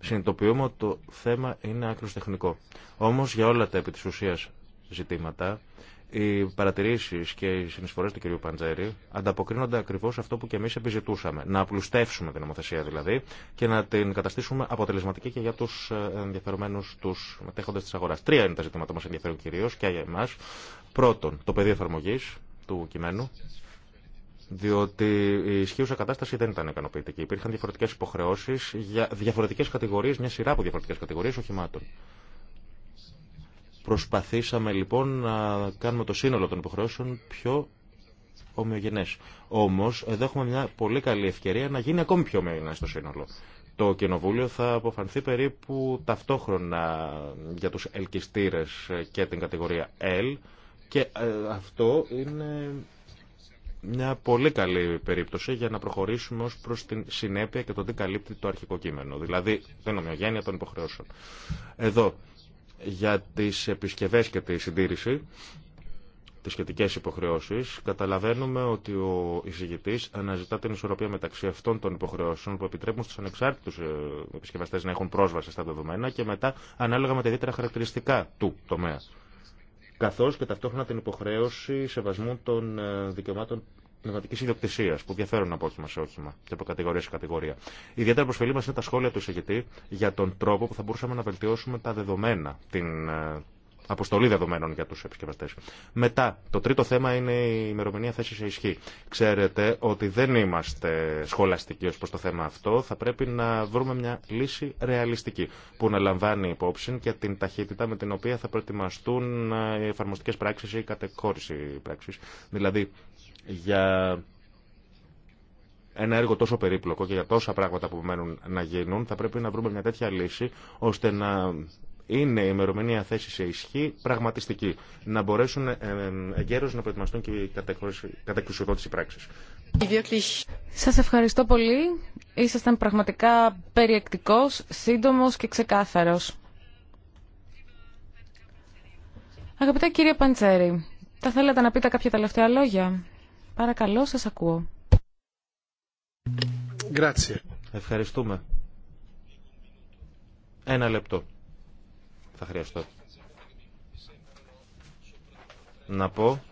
Συνειδητοποιούμε ότι το θέμα είναι άκρως τεχνικό. Όμως για όλα τα επί της ουσίας ζητήματα, οι παρατηρήσεις και οι συνεισφορές του κ. Παντζέρη ανταποκρίνονται ακριβώς αυτό που και εμείς επιζητούσαμε. Να απλουστεύσουμε την νομοθεσία δηλαδή και να την καταστήσουμε αποτελεσματική και για τους ε, ενδιαφερομένους τους μετέχοντες της αγοράς. Τρία είναι τα ζητήματα που μας ενδιαφέρουν κυρίως και για εμά. Πρώτον, το πεδίο εφαρμογή του κειμένου, διότι η ισχύουσα κατάσταση δεν ήταν ικανοποιητική. Υπήρχαν διαφορετικέ υποχρεώσει για διαφορετικέ κατηγορίε, μια σειρά από διαφορετικέ κατηγορίε οχημάτων. Προσπαθήσαμε λοιπόν να κάνουμε το σύνολο των υποχρεώσεων πιο ομοιογενέ. Όμω, εδώ έχουμε μια πολύ καλή ευκαιρία να γίνει ακόμη πιο ομοιογενέ το σύνολο. Το Κοινοβούλιο θα αποφανθεί περίπου ταυτόχρονα για τους ελκυστήρες και την κατηγορία L, και ε, αυτό είναι μια πολύ καλή περίπτωση για να προχωρήσουμε ως προς την συνέπεια και το τι καλύπτει το αρχικό κείμενο. Δηλαδή την ομοιογένεια των υποχρεώσεων. Εδώ, για τις επισκευές και τη συντήρηση, τις σχετικές υποχρεώσεις, καταλαβαίνουμε ότι ο εισηγητής αναζητά την ισορροπία μεταξύ αυτών των υποχρεώσεων που επιτρέπουν στους ανεξάρτητους ε, επισκευαστές να έχουν πρόσβαση στα δεδομένα και μετά ανάλογα με τα ιδιαίτερα χαρακτηριστικά του τομέα καθώς και ταυτόχρονα την υποχρέωση σεβασμού των ε, δικαιωμάτων πνευματική ιδιοκτησία που διαφέρουν από όχημα σε όχημα και από κατηγορία σε κατηγορία. Ιδιαίτερα προσφυλή μα είναι τα σχόλια του εισηγητή για τον τρόπο που θα μπορούσαμε να βελτιώσουμε τα δεδομένα, την ε, αποστολή δεδομένων για του επισκευαστέ. Μετά, το τρίτο θέμα είναι η ημερομηνία θέση σε ισχύ. Ξέρετε ότι δεν είμαστε σχολαστικοί ω προ το θέμα αυτό. Θα πρέπει να βρούμε μια λύση ρεαλιστική που να λαμβάνει υπόψη και την ταχύτητα με την οποία θα προετοιμαστούν ε, οι εφαρμοστικέ πράξει ή η κατεχώρηση πράξη. Δηλαδή, για ένα έργο τόσο περίπλοκο και για τόσα πράγματα που μένουν να γίνουν, θα πρέπει να βρούμε μια τέτοια λύση ώστε να είναι η ημερομηνία θέση σε ισχύ πραγματιστική. Να μπορέσουν ε, ε, εγκαίρω να προετοιμαστούν και οι κατακρουσιοδότηση πράξεις. Σας ευχαριστώ πολύ. Ήσασταν πραγματικά περιεκτικός, σύντομος και ξεκάθαρος. Αγαπητέ κύριε Παντσέρη, θα θέλατε να πείτε κάποια τελευταία λόγια. Παρακαλώ, σας ακούω. Grazie. Ευχαριστούμε. Ένα λεπτό θα χρειαστώ. Να πω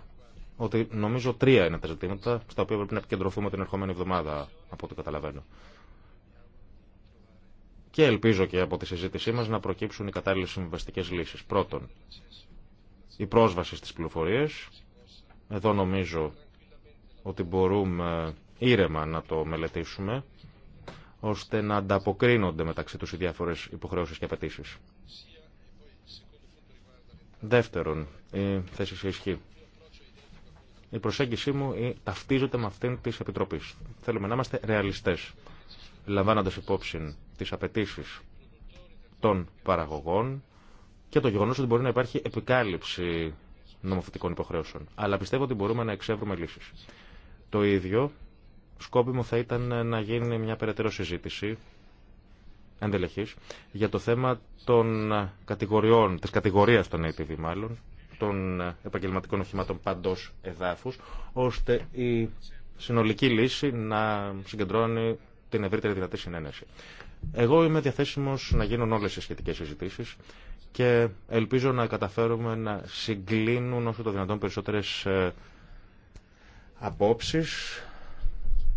ότι νομίζω τρία είναι τα ζητήματα στα οποία πρέπει να επικεντρωθούμε την ερχόμενη εβδομάδα, από ό,τι καταλαβαίνω. Και ελπίζω και από τη συζήτησή μας να προκύψουν οι κατάλληλες συμβαστικέ λύσεις. Πρώτον, η πρόσβαση στις πληροφορίες. Εδώ νομίζω ότι μπορούμε ήρεμα να το μελετήσουμε, ώστε να ανταποκρίνονται μεταξύ τους οι διάφορες υποχρεώσεις και απαιτήσει. Δεύτερον, η θέση σε ισχύ. Η προσέγγιση μου ταυτίζεται με αυτήν τη Επιτροπή. Θέλουμε να είμαστε ρεαλιστέ, λαμβάνοντα υπόψη τι απαιτήσει των παραγωγών και το γεγονό ότι μπορεί να υπάρχει επικάλυψη νομοθετικών υποχρεώσεων. Αλλά πιστεύω ότι μπορούμε να εξεύρουμε λύσει. Το ίδιο σκόπιμο θα ήταν να γίνει μια περαιτέρω συζήτηση για το θέμα των κατηγοριών, της κατηγορίας των ATV μάλλον, των επαγγελματικών οχημάτων παντός εδάφους, ώστε η συνολική λύση να συγκεντρώνει την ευρύτερη δυνατή συνένεση. Εγώ είμαι διαθέσιμος να γίνουν όλες οι σχετικές συζητήσεις και ελπίζω να καταφέρουμε να συγκλίνουν όσο το δυνατόν περισσότερες ε, απόψεις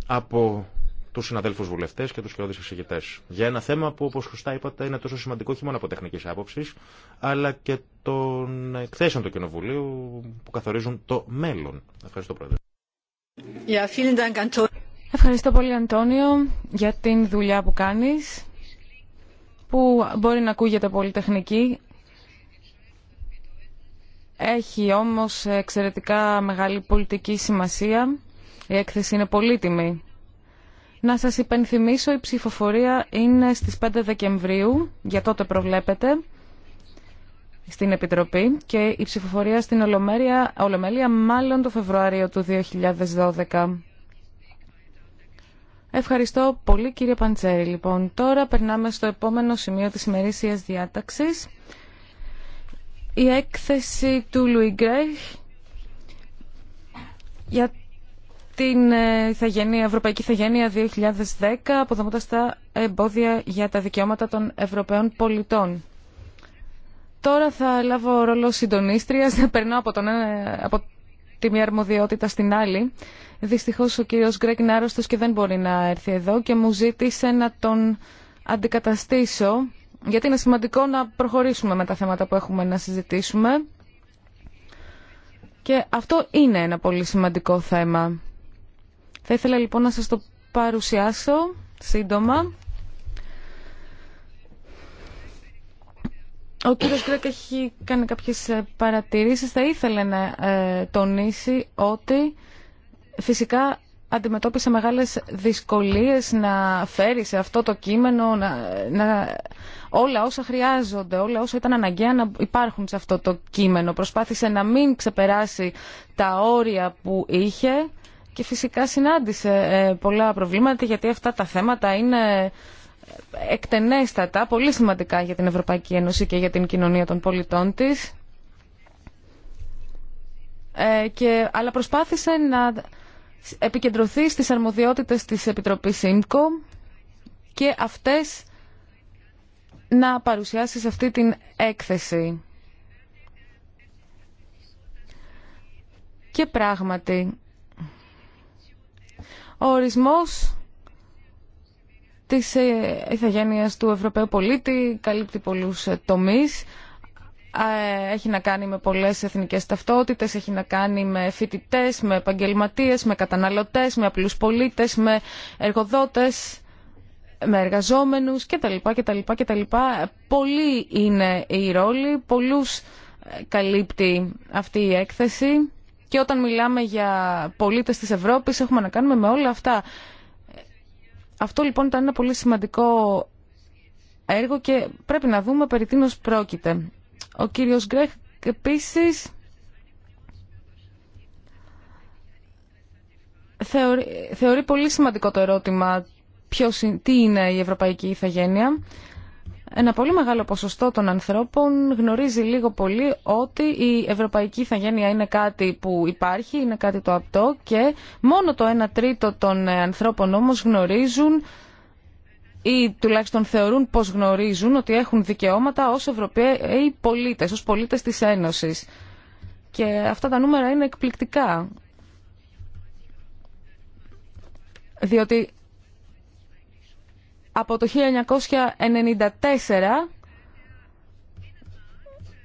από του συναδέλφου βουλευτέ και του κοιόδη εξηγητέ. Για ένα θέμα που, όπω σωστά είπατε, είναι τόσο σημαντικό όχι μόνο από τεχνική άποψη, αλλά και των εκθέσεων του Κοινοβουλίου που καθορίζουν το μέλλον. Ευχαριστώ, Πρόεδρε. Ευχαριστώ πολύ, Αντώνιο, για την δουλειά που κάνει, που μπορεί να ακούγεται πολυτεχνική. Έχει όμως εξαιρετικά μεγάλη πολιτική σημασία. Η έκθεση είναι πολύτιμη. Να σας υπενθυμίσω, η ψηφοφορία είναι στις 5 Δεκεμβρίου, για τότε προβλέπετε, στην Επιτροπή και η ψηφοφορία στην Ολομέλεια, Ολομέλεια μάλλον το Φεβρουάριο του 2012. Ευχαριστώ πολύ κύριε Παντσέρη. Λοιπόν, τώρα περνάμε στο επόμενο σημείο της ημερήσιας διάταξης. Η έκθεση του Λουιγκρέχ για την ε, Ευρωπαϊκή Ιθαγένεια 2010, αποδομώντα τα εμπόδια για τα δικαιώματα των Ευρωπαίων πολιτών. Τώρα θα λάβω ρόλο συντονίστριας, θα περνώ από, τον, από τη μία αρμοδιότητα στην άλλη. Δυστυχώ ο κύριος Γκρέκ είναι άρρωστο και δεν μπορεί να έρθει εδώ και μου ζήτησε να τον αντικαταστήσω, γιατί είναι σημαντικό να προχωρήσουμε με τα θέματα που έχουμε να συζητήσουμε. Και αυτό είναι ένα πολύ σημαντικό θέμα. Θα ήθελα λοιπόν να σας το παρουσιάσω σύντομα. Ο κύριος Γκρέκ έχει κάνει κάποιες ε, παρατηρήσεις. Θα ήθελε να ε, τονίσει ότι φυσικά αντιμετώπισε μεγάλες δυσκολίες να φέρει σε αυτό το κείμενο να, να, όλα όσα χρειάζονται, όλα όσα ήταν αναγκαία να υπάρχουν σε αυτό το κείμενο. Προσπάθησε να μην ξεπεράσει τα όρια που είχε και φυσικά συνάντησε ε, πολλά προβλήματα γιατί αυτά τα θέματα είναι εκτενέστατα, πολύ σημαντικά για την Ευρωπαϊκή Ένωση και για την κοινωνία των πολιτών της. Ε, και, αλλά προσπάθησε να επικεντρωθεί στις αρμοδιότητες της Επιτροπής ΣΥΜΚΟ και αυτές να παρουσιάσει σε αυτή την έκθεση. Και πράγματι, ο ορισμός της ε, ηθαγένειας του Ευρωπαίου πολίτη καλύπτει πολλούς ε, τομείς. Ε, έχει να κάνει με πολλές εθνικές ταυτότητες, έχει να κάνει με φοιτητέ, με επαγγελματίε, με καταναλωτές, με απλούς πολίτες, με εργοδότες, με εργαζόμενους κτλ. κτλ, κτλ. Πολλοί είναι οι ρόλοι, πολλούς καλύπτει αυτή η έκθεση. Και όταν μιλάμε για πολίτες της Ευρώπης έχουμε να κάνουμε με όλα αυτά. Αυτό λοιπόν ήταν ένα πολύ σημαντικό έργο και πρέπει να δούμε περί τίνος πρόκειται. Ο κύριος Γκρέχ επίσης θεωρεί, θεωρεί πολύ σημαντικό το ερώτημα ποιος, τι είναι η ευρωπαϊκή ηθαγένεια ένα πολύ μεγάλο ποσοστό των ανθρώπων γνωρίζει λίγο πολύ ότι η ευρωπαϊκή ηθαγένεια είναι κάτι που υπάρχει, είναι κάτι το απτό και μόνο το 1 τρίτο των ε, ανθρώπων όμως γνωρίζουν ή τουλάχιστον θεωρούν πως γνωρίζουν ότι έχουν δικαιώματα ως Ευρωπαίοι πολίτες, ως πολίτες της Ένωσης. Και αυτά τα νούμερα είναι εκπληκτικά. Διότι από το 1994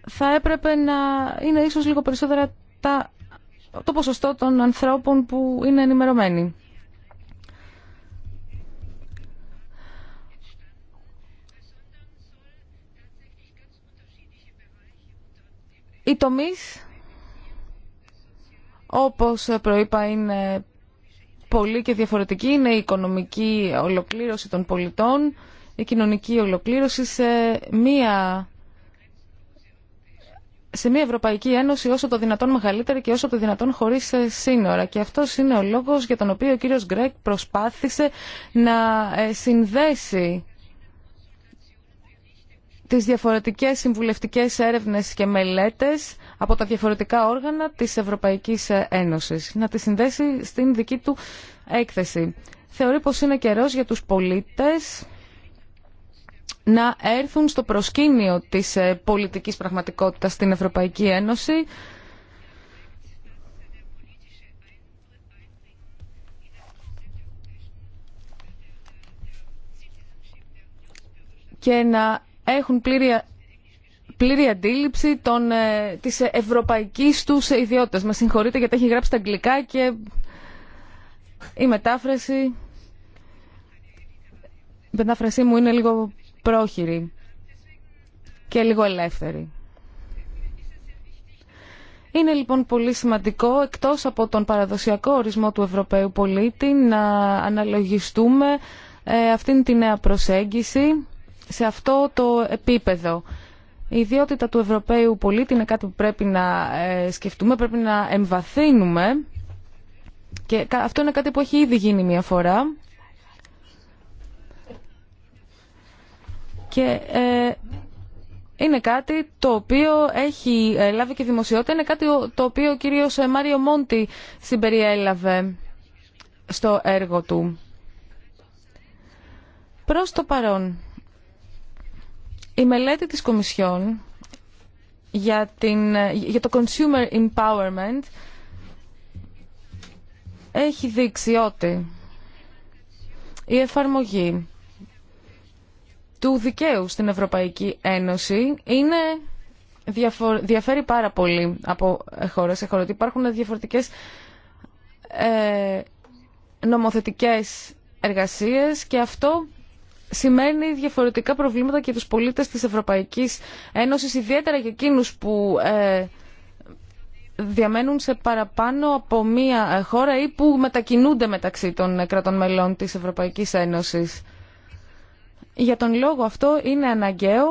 θα έπρεπε να είναι ίσως λίγο περισσότερα τα, το ποσοστό των ανθρώπων που είναι ενημερωμένοι. Οι τομείς, όπως προείπα, είναι Πολύ και διαφορετική Είναι η οικονομική ολοκλήρωση των πολιτών, η κοινωνική ολοκλήρωση σε μία σε μια Ευρωπαϊκή Ένωση όσο το δυνατόν μεγαλύτερη και όσο το δυνατόν χωρίς ε, σύνορα. Και αυτός είναι ο λόγος για τον οποίο ο κύριος Γκρέκ προσπάθησε να ε, συνδέσει τις διαφορετικές συμβουλευτικές έρευνες και μελέτες από τα διαφορετικά όργανα της Ευρωπαϊκής Ένωσης, να τη συνδέσει στην δική του έκθεση. Θεωρεί πως είναι καιρός για τους πολίτες να έρθουν στο προσκήνιο της ε, πολιτικής πραγματικότητας στην Ευρωπαϊκή Ένωση και να έχουν πλήρη, αντίληψη των, ε, της ευρωπαϊκής τους ιδιότητας. Μα συγχωρείτε γιατί έχει γράψει τα αγγλικά και η μετάφραση, η μετάφρασή μου είναι λίγο πρόχειρη και λίγο ελεύθερη. Είναι λοιπόν πολύ σημαντικό, εκτός από τον παραδοσιακό ορισμό του Ευρωπαίου πολίτη, να αναλογιστούμε ε, αυτήν την νέα προσέγγιση σε αυτό το επίπεδο. Η ιδιότητα του Ευρωπαίου πολίτη είναι κάτι που πρέπει να ε, σκεφτούμε, πρέπει να εμβαθύνουμε και αυτό είναι κάτι που έχει ήδη γίνει μία φορά. Και ε, είναι κάτι το οποίο έχει ε, λάβει και δημοσιότητα, είναι κάτι το οποίο ο κύριος Μάριο Μόντι συμπεριέλαβε στο έργο του. Προς το παρόν, η μελέτη της Κομισιόν για, την, για το Consumer Empowerment έχει δείξει ότι η εφαρμογή του δικαίου στην Ευρωπαϊκή Ένωση είναι διαφέρει πάρα πολύ από χώρα σε χώρα. Υπάρχουν διαφορετικές ε, νομοθετικές εργασίες και αυτό σημαίνει διαφορετικά προβλήματα για τους πολίτες της Ευρωπαϊκής Ένωσης, ιδιαίτερα για εκείνους που ε, διαμένουν σε παραπάνω από μία ε, χώρα ή που μετακινούνται μεταξύ των ε, κρατών μελών της Ευρωπαϊκής Ένωσης. Για τον λόγο αυτό είναι αναγκαίο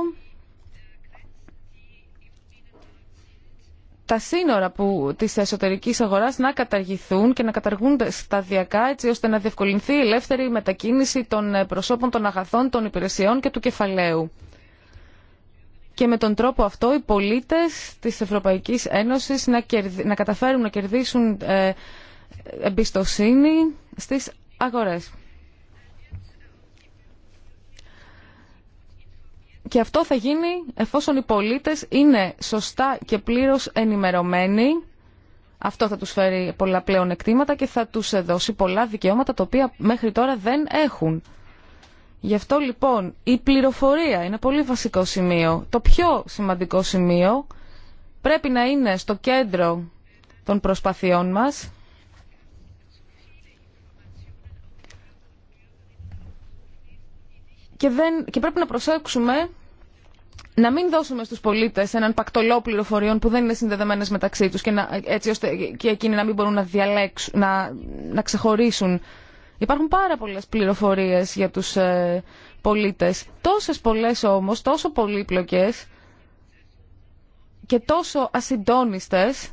τα σύνορα που, της εσωτερικής αγοράς να καταργηθούν και να καταργούνται σταδιακά έτσι ώστε να διευκολυνθεί η ελεύθερη μετακίνηση των ε, προσώπων, των αγαθών, των υπηρεσιών και του κεφαλαίου. Και με τον τρόπο αυτό οι πολίτες της Ευρωπαϊκής Ένωσης να, να καταφέρουν να κερδίσουν ε, εμπιστοσύνη στις αγορές. Και αυτό θα γίνει εφόσον οι πολίτες είναι σωστά και πλήρως ενημερωμένοι. Αυτό θα τους φέρει πολλά πλέον και θα τους δώσει πολλά δικαιώματα τα οποία μέχρι τώρα δεν έχουν. Γι' αυτό λοιπόν η πληροφορία είναι πολύ βασικό σημείο. Το πιο σημαντικό σημείο πρέπει να είναι στο κέντρο των προσπαθειών μας. Και, δεν, και πρέπει να προσέξουμε να μην δώσουμε στους πολίτες έναν πακτολό πληροφοριών που δεν είναι συνδεδεμένες μεταξύ τους και έτσι ώστε και εκείνοι να μην μπορούν να διαλέξουν, να, να ξεχωρίσουν. Υπάρχουν πάρα πολλές πληροφορίες για τους ε, πολίτες. Τόσες πολλές όμως, τόσο πολύπλοκες και τόσο ασυντόνιστες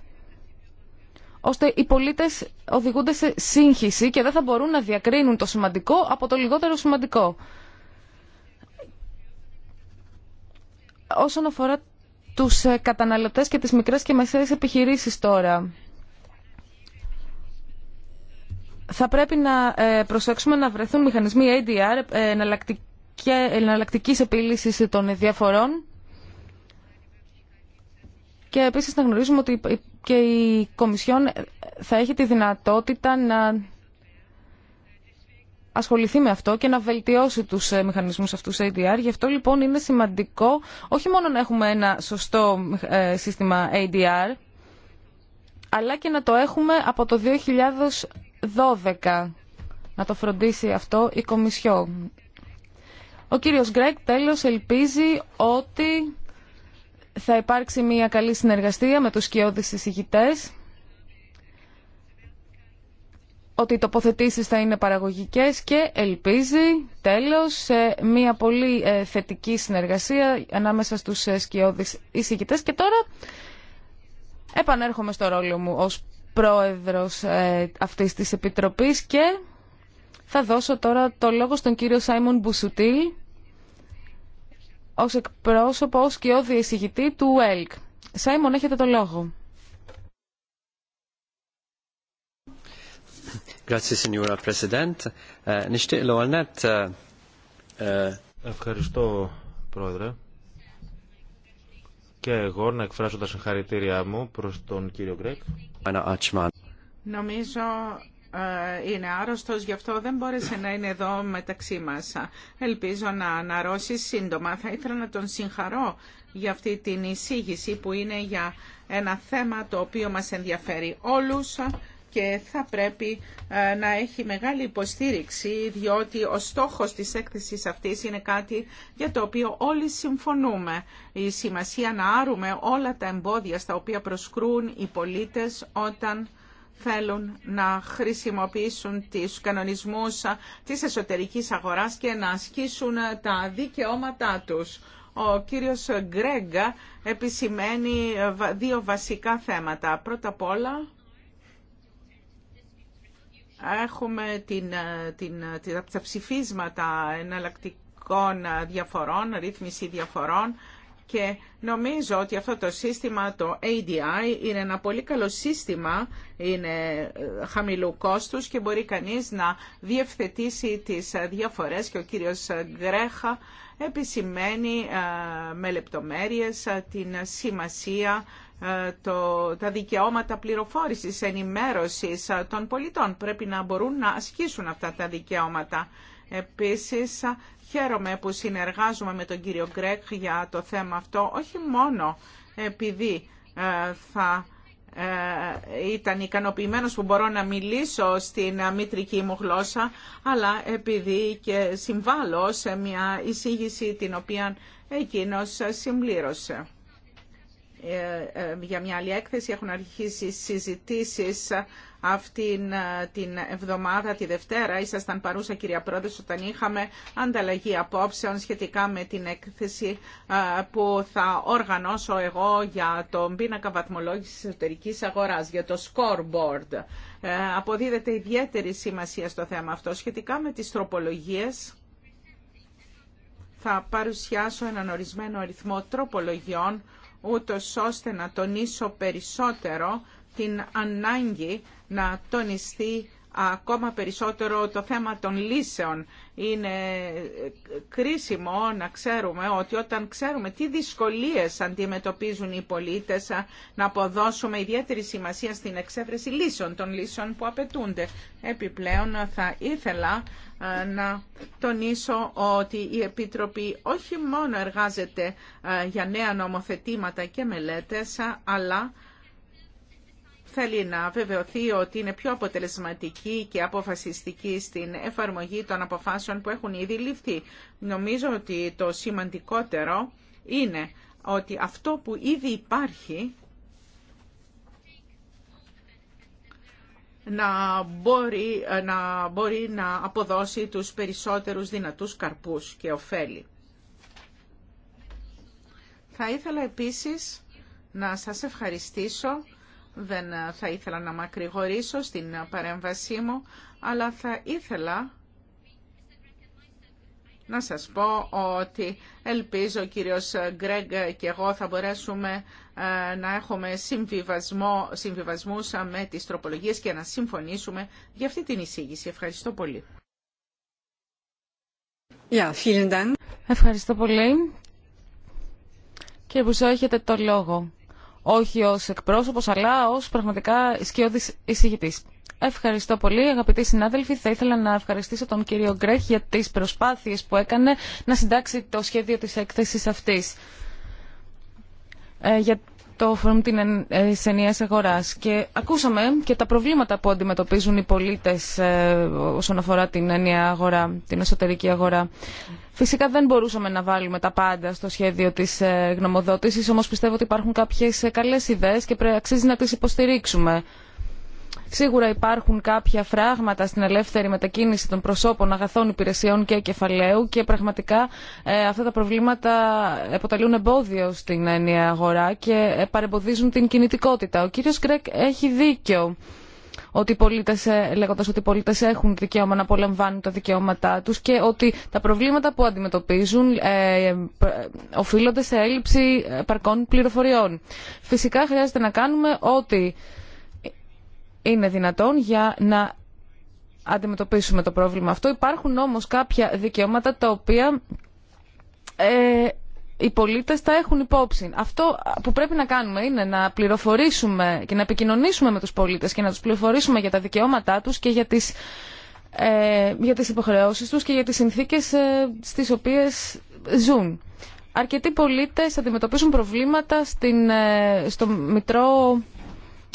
ώστε οι πολίτες οδηγούνται σε σύγχυση και δεν θα μπορούν να διακρίνουν το σημαντικό από το λιγότερο σημαντικό. Όσον αφορά τους ε, καταναλωτές και τις μικρές και μεσαίες επιχειρήσεις τώρα, θα πρέπει να ε, προσέξουμε να βρεθούν μηχανισμοί ADR ε, εναλλακτικής επίλυσης των διαφορών και επίσης να γνωρίζουμε ότι και η Κομισιόν θα έχει τη δυνατότητα να ασχοληθεί με αυτό και να βελτιώσει τους ε, μηχανισμούς αυτούς ADR. Γι' αυτό λοιπόν είναι σημαντικό όχι μόνο να έχουμε ένα σωστό ε, σύστημα ADR, αλλά και να το έχουμε από το 2012. Να το φροντίσει αυτό η Κομισιό. Ο κύριος Γκρέκ τέλος ελπίζει ότι θα υπάρξει μια καλή συνεργασία με τους σκιώδεις εισηγητές ότι οι τοποθετήσεις θα είναι παραγωγικές και ελπίζει τέλος σε μια πολύ ε, θετική συνεργασία ανάμεσα στους ε, σκιώδεις εισηγητέ. Και τώρα επανέρχομαι στο ρόλο μου ως πρόεδρος ε, αυτής της Επιτροπής και θα δώσω τώρα το λόγο στον κύριο Σάιμον Μπουσουτήλ ως εκπρόσωπο, ως σκιώδη εισηγητή του ΕΛΚ. Σάιμον, έχετε το λόγο. Eh, eh, eh, Ευχαριστώ, Πρόεδρε. Και εγώ να εκφράσω τα συγχαρητήριά μου προς τον κύριο Γκρέκ. Νομίζω ε, είναι άρρωστος, γι' αυτό δεν μπόρεσε να είναι εδώ μεταξύ μας. Ελπίζω να αναρρώσει σύντομα. Θα ήθελα να τον συγχαρώ για αυτή την εισήγηση που είναι για ένα θέμα το οποίο μας ενδιαφέρει όλους και θα πρέπει ε, να έχει μεγάλη υποστήριξη διότι ο στόχος της έκθεσης αυτής είναι κάτι για το οποίο όλοι συμφωνούμε. Η σημασία να άρουμε όλα τα εμπόδια στα οποία προσκρούν οι πολίτες όταν θέλουν να χρησιμοποιήσουν τις κανονισμούς της εσωτερικής αγοράς και να ασκήσουν τα δικαιώματά τους. Ο κύριος Γκρέγκα επισημαίνει ε, δύο βασικά θέματα. Πρώτα απ' όλα Έχουμε την, ε, ε, την, τα ψηφίσματα εναλλακτικών ε, διαφορών, ρύθμιση διαφορών και νομίζω ότι αυτό το σύστημα, το ADI, είναι ένα πολύ καλό σύστημα, είναι χαμηλού κόστους και μπορεί κανείς να διευθετήσει τις διαφορές και ο κύριος Γκρέχα επισημαίνει με λεπτομέρειες την σημασία τα δικαιώματα πληροφόρησης, ενημέρωσης των πολιτών. Πρέπει να μπορούν να ασκήσουν αυτά τα δικαιώματα. Επίσης, χαίρομαι που συνεργάζομαι με τον κύριο Γκρέκ για το θέμα αυτό, όχι μόνο επειδή θα ε, ήταν ικανοποιημένος που μπορώ να μιλήσω στην μητρική μου γλώσσα, αλλά επειδή και συμβάλλω σε μια εισήγηση την οποία εκείνος συμπλήρωσε. Ε, ε, για μια άλλη έκθεση. Έχουν αρχίσει συζητήσεις ε, αυτήν την εβδομάδα, τη Δευτέρα. Ήσασταν παρούσα, κυρία Πρόεδρε, όταν είχαμε ανταλλαγή απόψεων σχετικά με την έκθεση που θα οργανώσω εγώ για τον πίνακα βαθμολόγησης εσωτερικής αγοράς, για το scoreboard. Αποδίδεται ιδιαίτερη σημασία στο θέμα αυτό. Σχετικά με τι τροπολογίε. θα παρουσιάσω έναν ορισμένο αριθμό τροπολογιών ούτως ώστε να τονίσω περισσότερο την ανάγκη να τονιστεί ακόμα περισσότερο το θέμα των λύσεων. Είναι κρίσιμο να ξέρουμε ότι όταν ξέρουμε τι δυσκολίες αντιμετωπίζουν οι πολίτες να αποδώσουμε ιδιαίτερη σημασία στην εξέβρεση λύσεων, των λύσεων που απαιτούνται. Επιπλέον θα ήθελα να τονίσω ότι η Επίτροπη όχι μόνο εργάζεται για νέα νομοθετήματα και μελέτες, αλλά θέλει να βεβαιωθεί ότι είναι πιο αποτελεσματική και αποφασιστική στην εφαρμογή των αποφάσεων που έχουν ήδη ληφθεί. Νομίζω ότι το σημαντικότερο είναι ότι αυτό που ήδη υπάρχει να μπορεί να, μπορεί να αποδώσει τους περισσότερους δυνατούς καρπούς και ωφέλη. Θα ήθελα επίσης να σας ευχαριστήσω δεν ε, θα ήθελα να μακρηγορήσω στην ε, παρέμβασή μου, αλλά θα ήθελα να σας πω ότι ελπίζω ο κύριος Γκρέγκ και εγώ θα μπορέσουμε ε, να έχουμε συμβιβασμό, συμβιβασμούς με τις τροπολογίες και να συμφωνήσουμε για αυτή την εισήγηση. Ευχαριστώ πολύ. Ευχαριστώ πολύ. και Μπουσό, έχετε το λόγο όχι ω εκπρόσωπος αλλά ω πραγματικά ισχυώδης εισηγητή. Ευχαριστώ πολύ αγαπητοί συνάδελφοι. Θα ήθελα να ευχαριστήσω τον κύριο Γκρέχ για τις προσπάθειες που έκανε να συντάξει το σχέδιο της έκθεση αυτής ε, για το φόρουμ τη ενιαίας αγοράς. Και ακούσαμε και τα προβλήματα που αντιμετωπίζουν οι πολίτε ε, όσον αφορά την ενιαία αγορά, την εσωτερική αγορά. Φυσικά δεν μπορούσαμε να βάλουμε τα πάντα στο σχέδιο της ε, γνωμοδότησης, όμως πιστεύω ότι υπάρχουν κάποιες ε, καλές ιδέες και αξίζει να τις υποστηρίξουμε. Σίγουρα υπάρχουν κάποια φράγματα στην ελεύθερη μετακίνηση των προσώπων, αγαθών, υπηρεσιών και κεφαλαίου και πραγματικά ε, αυτά τα προβλήματα αποτελούν εμπόδιο στην ενιαία αγορά και παρεμποδίζουν την κινητικότητα. Ο κύριος Γκρέκ έχει δίκιο ότι οι πολίτες, ε, λέγοντας ότι οι πολίτες έχουν δικαίωμα να απολαμβάνουν τα δικαιώματά τους και ότι τα προβλήματα που αντιμετωπίζουν ε, ε, οφείλονται σε έλλειψη παρκών πληροφοριών. Φυσικά χρειάζεται να κάνουμε ό,τι είναι δυνατόν για να αντιμετωπίσουμε το πρόβλημα αυτό. Υπάρχουν όμως κάποια δικαιώματα τα οποία οι πολίτες τα έχουν υπόψη. Αυτό που πρέπει να κάνουμε είναι να πληροφορήσουμε και να επικοινωνήσουμε με τους πολίτες και να τους πληροφορήσουμε για τα δικαιώματά τους και για τις, ε, για τις υποχρεώσεις τους και για τις συνθήκες ε, στις οποίες ζουν. Αρκετοί πολίτες αντιμετωπίζουν προβλήματα στην, ε, στο μητρό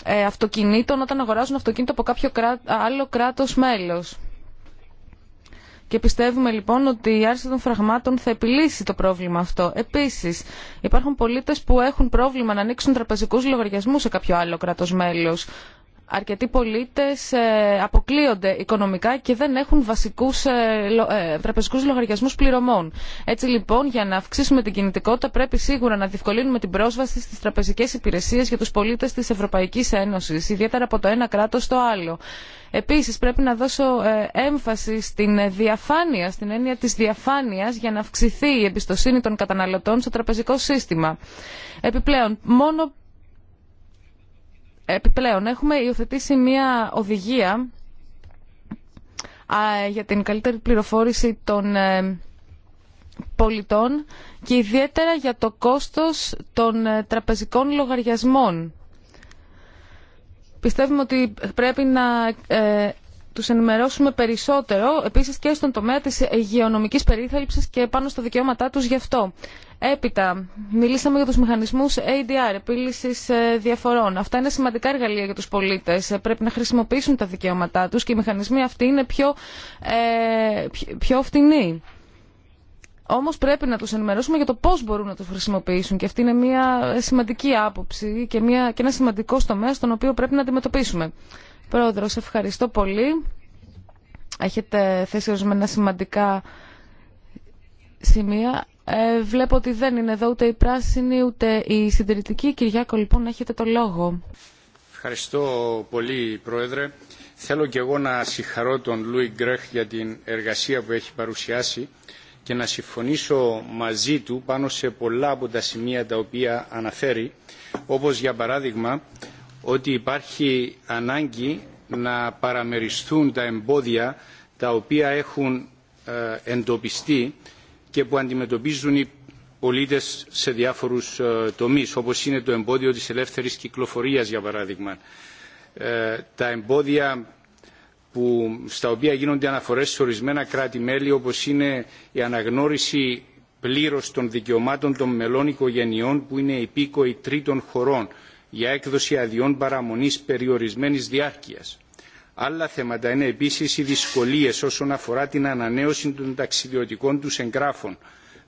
ε, αυτοκινήτων όταν αγοράζουν αυτοκίνητο από κάποιο άλλο κράτος μέλος. Και πιστεύουμε λοιπόν ότι η άρση των φραγμάτων θα επιλύσει το πρόβλημα αυτό. Επίση, υπάρχουν πολίτε που έχουν πρόβλημα να ανοίξουν τραπεζικού λογαριασμού σε κάποιο άλλο κράτο μέλο αρκετοί πολίτες ε, αποκλείονται οικονομικά και δεν έχουν βασικούς ε, ε, τραπεζικούς λογαριασμούς πληρωμών. Έτσι λοιπόν για να αυξήσουμε την κινητικότητα πρέπει σίγουρα να διευκολύνουμε την πρόσβαση στις τραπεζικές υπηρεσίες για τους πολίτες της Ευρωπαϊκής Ένωσης, ιδιαίτερα από το ένα κράτος στο άλλο. Επίσης πρέπει να δώσω έμφαση στην διαφάνεια, στην έννοια της διαφάνειας για να αυξηθεί η εμπιστοσύνη των καταναλωτών στο τραπεζικό σύστημα. Επιπλέον, μόνο Επιπλέον, έχουμε υιοθετήσει μια οδηγία για την καλύτερη πληροφόρηση των ε, πολιτών και ιδιαίτερα για το κόστος των ε, τραπεζικών λογαριασμών. Πιστεύουμε ότι πρέπει να ε, του ενημερώσουμε περισσότερο, επίση και στον τομέα τη υγειονομική περίθαλψης και πάνω στα δικαιώματά του γι' αυτό. Έπειτα, μιλήσαμε για του μηχανισμού ADR, επίλυση ε, διαφορών. Αυτά είναι σημαντικά εργαλεία για του πολίτε. Ε, πρέπει να χρησιμοποιήσουν τα δικαιώματά του και οι μηχανισμοί αυτοί είναι πιο, ε, πιο φτηνοί. Όμω πρέπει να του ενημερώσουμε για το πώ μπορούν να του χρησιμοποιήσουν. Και αυτή είναι μια σημαντική άποψη και, μια, και ένα σημαντικό τομέα στον οποίο πρέπει να αντιμετωπίσουμε. Πρόεδρος, ευχαριστώ πολύ. Έχετε θέσει ορισμένα σημαντικά σημεία. Ε, βλέπω ότι δεν είναι εδώ ούτε η πράσινη ούτε η συντηρητική. Κυριάκο, λοιπόν, έχετε το λόγο. Ευχαριστώ πολύ, Πρόεδρε. Θέλω και εγώ να συγχαρώ τον Λούι Γκρέχ για την εργασία που έχει παρουσιάσει και να συμφωνήσω μαζί του πάνω σε πολλά από τα σημεία τα οποία αναφέρει, όπως για παράδειγμα ότι υπάρχει ανάγκη να παραμεριστούν τα εμπόδια τα οποία έχουν ε, εντοπιστεί και που αντιμετωπίζουν οι πολίτες σε διάφορους ε, τομείς, όπως είναι το εμπόδιο της ελεύθερης κυκλοφορίας, για παράδειγμα. Ε, τα εμπόδια που, στα οποία γίνονται αναφορές σε ορισμένα κράτη-μέλη, όπως είναι η αναγνώριση πλήρως των δικαιωμάτων των μελών οικογενειών που είναι υπήκοοι τρίτων χωρών για έκδοση αδειών παραμονής περιορισμένης διάρκειας. Άλλα θέματα είναι επίσης οι δυσκολίες όσον αφορά την ανανέωση των ταξιδιωτικών τους εγγράφων,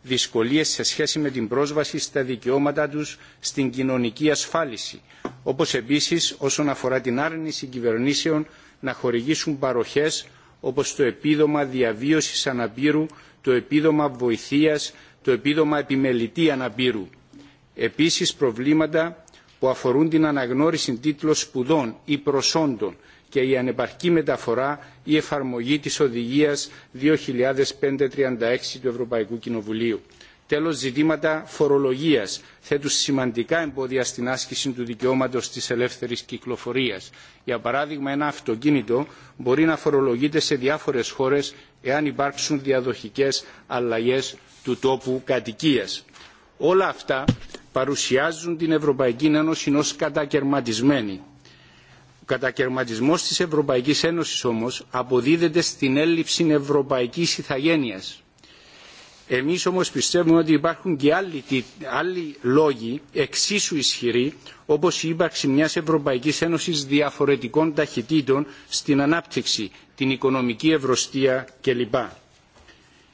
δυσκολίες σε σχέση με την πρόσβαση στα δικαιώματα τους στην κοινωνική ασφάλιση, όπως επίσης όσον αφορά την άρνηση κυβερνήσεων να χορηγήσουν παροχές όπως το επίδομα διαβίωσης αναπήρου, το επίδομα βοηθείας, το επίδομα επιμελητή αναπήρου. Επίσης προβλήματα που αφορούν την αναγνώριση τίτλων σπουδών ή προσόντων και η ανεπαρκή μεταφορά ή εφαρμογή της Οδηγίας 2005-36 του Ευρωπαϊκού Κοινοβουλίου. Τέλος, ζητήματα φορολογίας θέτουν σημαντικά εμπόδια στην άσκηση του δικαιώματος της ελεύθερης κυκλοφορίας. Για παράδειγμα, ένα αυτοκίνητο μπορεί να φορολογείται σε διάφορες χώρες εάν υπάρξουν διαδοχικές αλλαγές του τόπου κατοικίας. Όλα αυτά παρουσιάζουν την Ευρωπαϊκή Ένωση ως κατακαιρματισμένη. Ο κατακαιρματισμός της Ευρωπαϊκής Ένωσης όμως αποδίδεται στην έλλειψη ευρωπαϊκής ηθαγένειας. Εμείς όμως πιστεύουμε ότι υπάρχουν και άλλοι, λόγοι εξίσου ισχυροί όπως η ύπαρξη μιας Ευρωπαϊκής Ένωσης διαφορετικών ταχυτήτων στην ανάπτυξη, την οικονομική ευρωστία κλπ.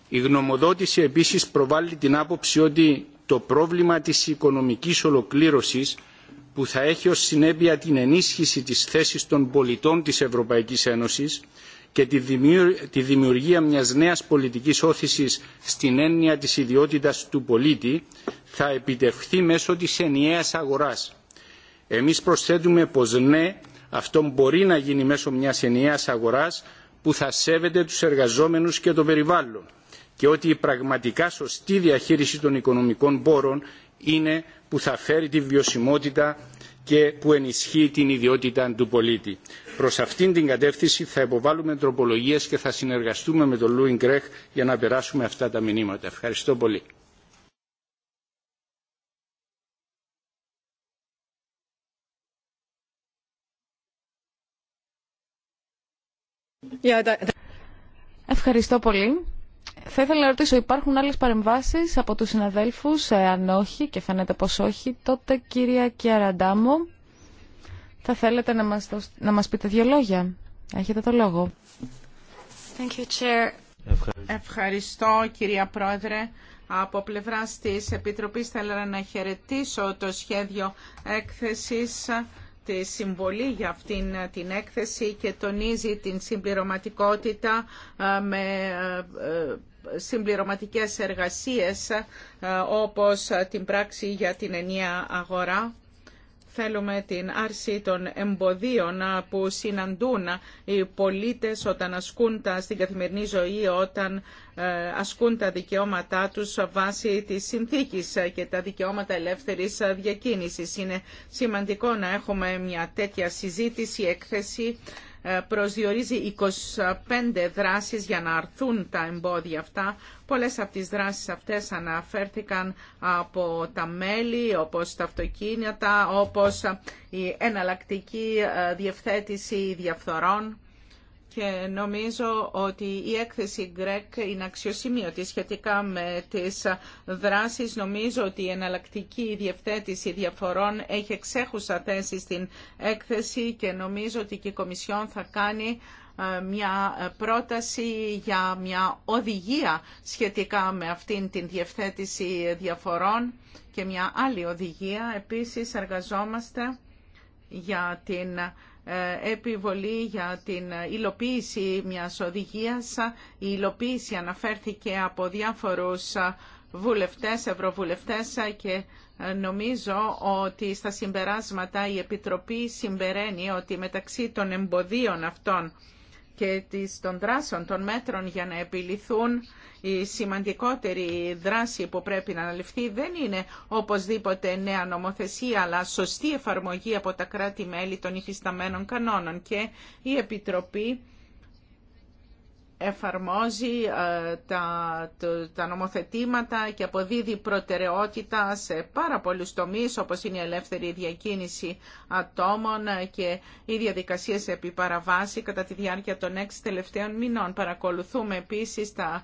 Η γνωμοδότηση επίσης προβάλλει την άποψη ότι το πρόβλημα της οικονομικής ολοκλήρωσης που θα έχει ως συνέπεια την ενίσχυση της θέσης των πολιτών της Ευρωπαϊκής Ένωσης και τη δημιουργία μιας νέας πολιτικής όθησης στην έννοια της ιδιότητας του πολίτη θα επιτευχθεί μέσω της ενιαίας αγοράς. Εμείς προσθέτουμε πως ναι, αυτό μπορεί να γίνει μέσω μιας ενιαίας αγοράς που θα σέβεται τους εργαζόμενους και το περιβάλλον και ότι η πραγματικά σωστή διαχείριση των οικονομικών πόρων είναι που θα φέρει τη βιωσιμότητα και που ενισχύει την ιδιότητα του πολίτη. Προς αυτήν την κατεύθυνση θα υποβάλουμε τροπολογίες και θα συνεργαστούμε με τον Λούιν Κρέχ για να περάσουμε αυτά τα μηνύματα. Ευχαριστώ πολύ. Θα ήθελα να ρωτήσω, υπάρχουν άλλες παρεμβάσεις από τους συναδέλφους, ε, αν όχι και φαίνεται πως όχι, τότε κυρία Κιαραντάμο, θα θέλετε να μας, να μας πείτε δύο λόγια. Έχετε το λόγο. Thank you, Ευχαριστώ. κυρία Πρόεδρε. Από πλευράς της Επιτροπής θέλω να χαιρετήσω το σχέδιο έκθεσης τη συμβολή για αυτήν την έκθεση και τονίζει την συμπληρωματικότητα ε, με ε, συμπληρωματικές εργασίες ε, όπως την πράξη για την ενία αγορά. Θέλουμε την άρση των εμποδίων που συναντούν οι πολίτες όταν ασκούν τα στην καθημερινή ζωή, όταν ε, ασκούν τα δικαιώματά τους βάσει της συνθήκης και τα δικαιώματα ελεύθερης διακίνησης. Είναι σημαντικό να έχουμε μια τέτοια συζήτηση, έκθεση προσδιορίζει 25 δράσεις για να αρθούν τα εμπόδια αυτά. Πολλές από τις δράσεις αυτές αναφέρθηκαν από τα μέλη, όπως τα αυτοκίνητα, όπως η εναλλακτική ε, διευθέτηση διαφθορών και νομίζω ότι η έκθεση Γκρέκ είναι αξιοσημείωτη σχετικά με τις δράσεις. Νομίζω ότι η εναλλακτική διευθέτηση διαφορών έχει εξέχουσα θέση στην έκθεση και νομίζω ότι και η Κομισιόν θα κάνει ε, μια πρόταση για μια οδηγία σχετικά με αυτήν την διευθέτηση διαφορών και μια άλλη οδηγία. Επίσης εργαζόμαστε για την ε, επιβολή για την υλοποίηση μιας οδηγίας. Η υλοποίηση αναφέρθηκε από διάφορους βουλευτές, ευρωβουλευτές και ε, νομίζω ότι στα συμπεράσματα η Επιτροπή συμπεραίνει ότι μεταξύ των εμποδίων αυτών και των δράσεων των μέτρων για να επιληθούν η σημαντικότερη δράση που πρέπει να αναλυφθεί δεν είναι οπωσδήποτε νέα νομοθεσία αλλά σωστή εφαρμογή από τα κράτη-μέλη των υφισταμένων κανόνων και η Επιτροπή εφαρμόζει ε, τα, τα νομοθετήματα και αποδίδει προτεραιότητα σε πάρα πολλούς τομείς όπως είναι η ελεύθερη διακίνηση ατόμων και οι διαδικασίες επί παραβάση κατά τη διάρκεια των έξι τελευταίων μηνών. Παρακολουθούμε επίσης τα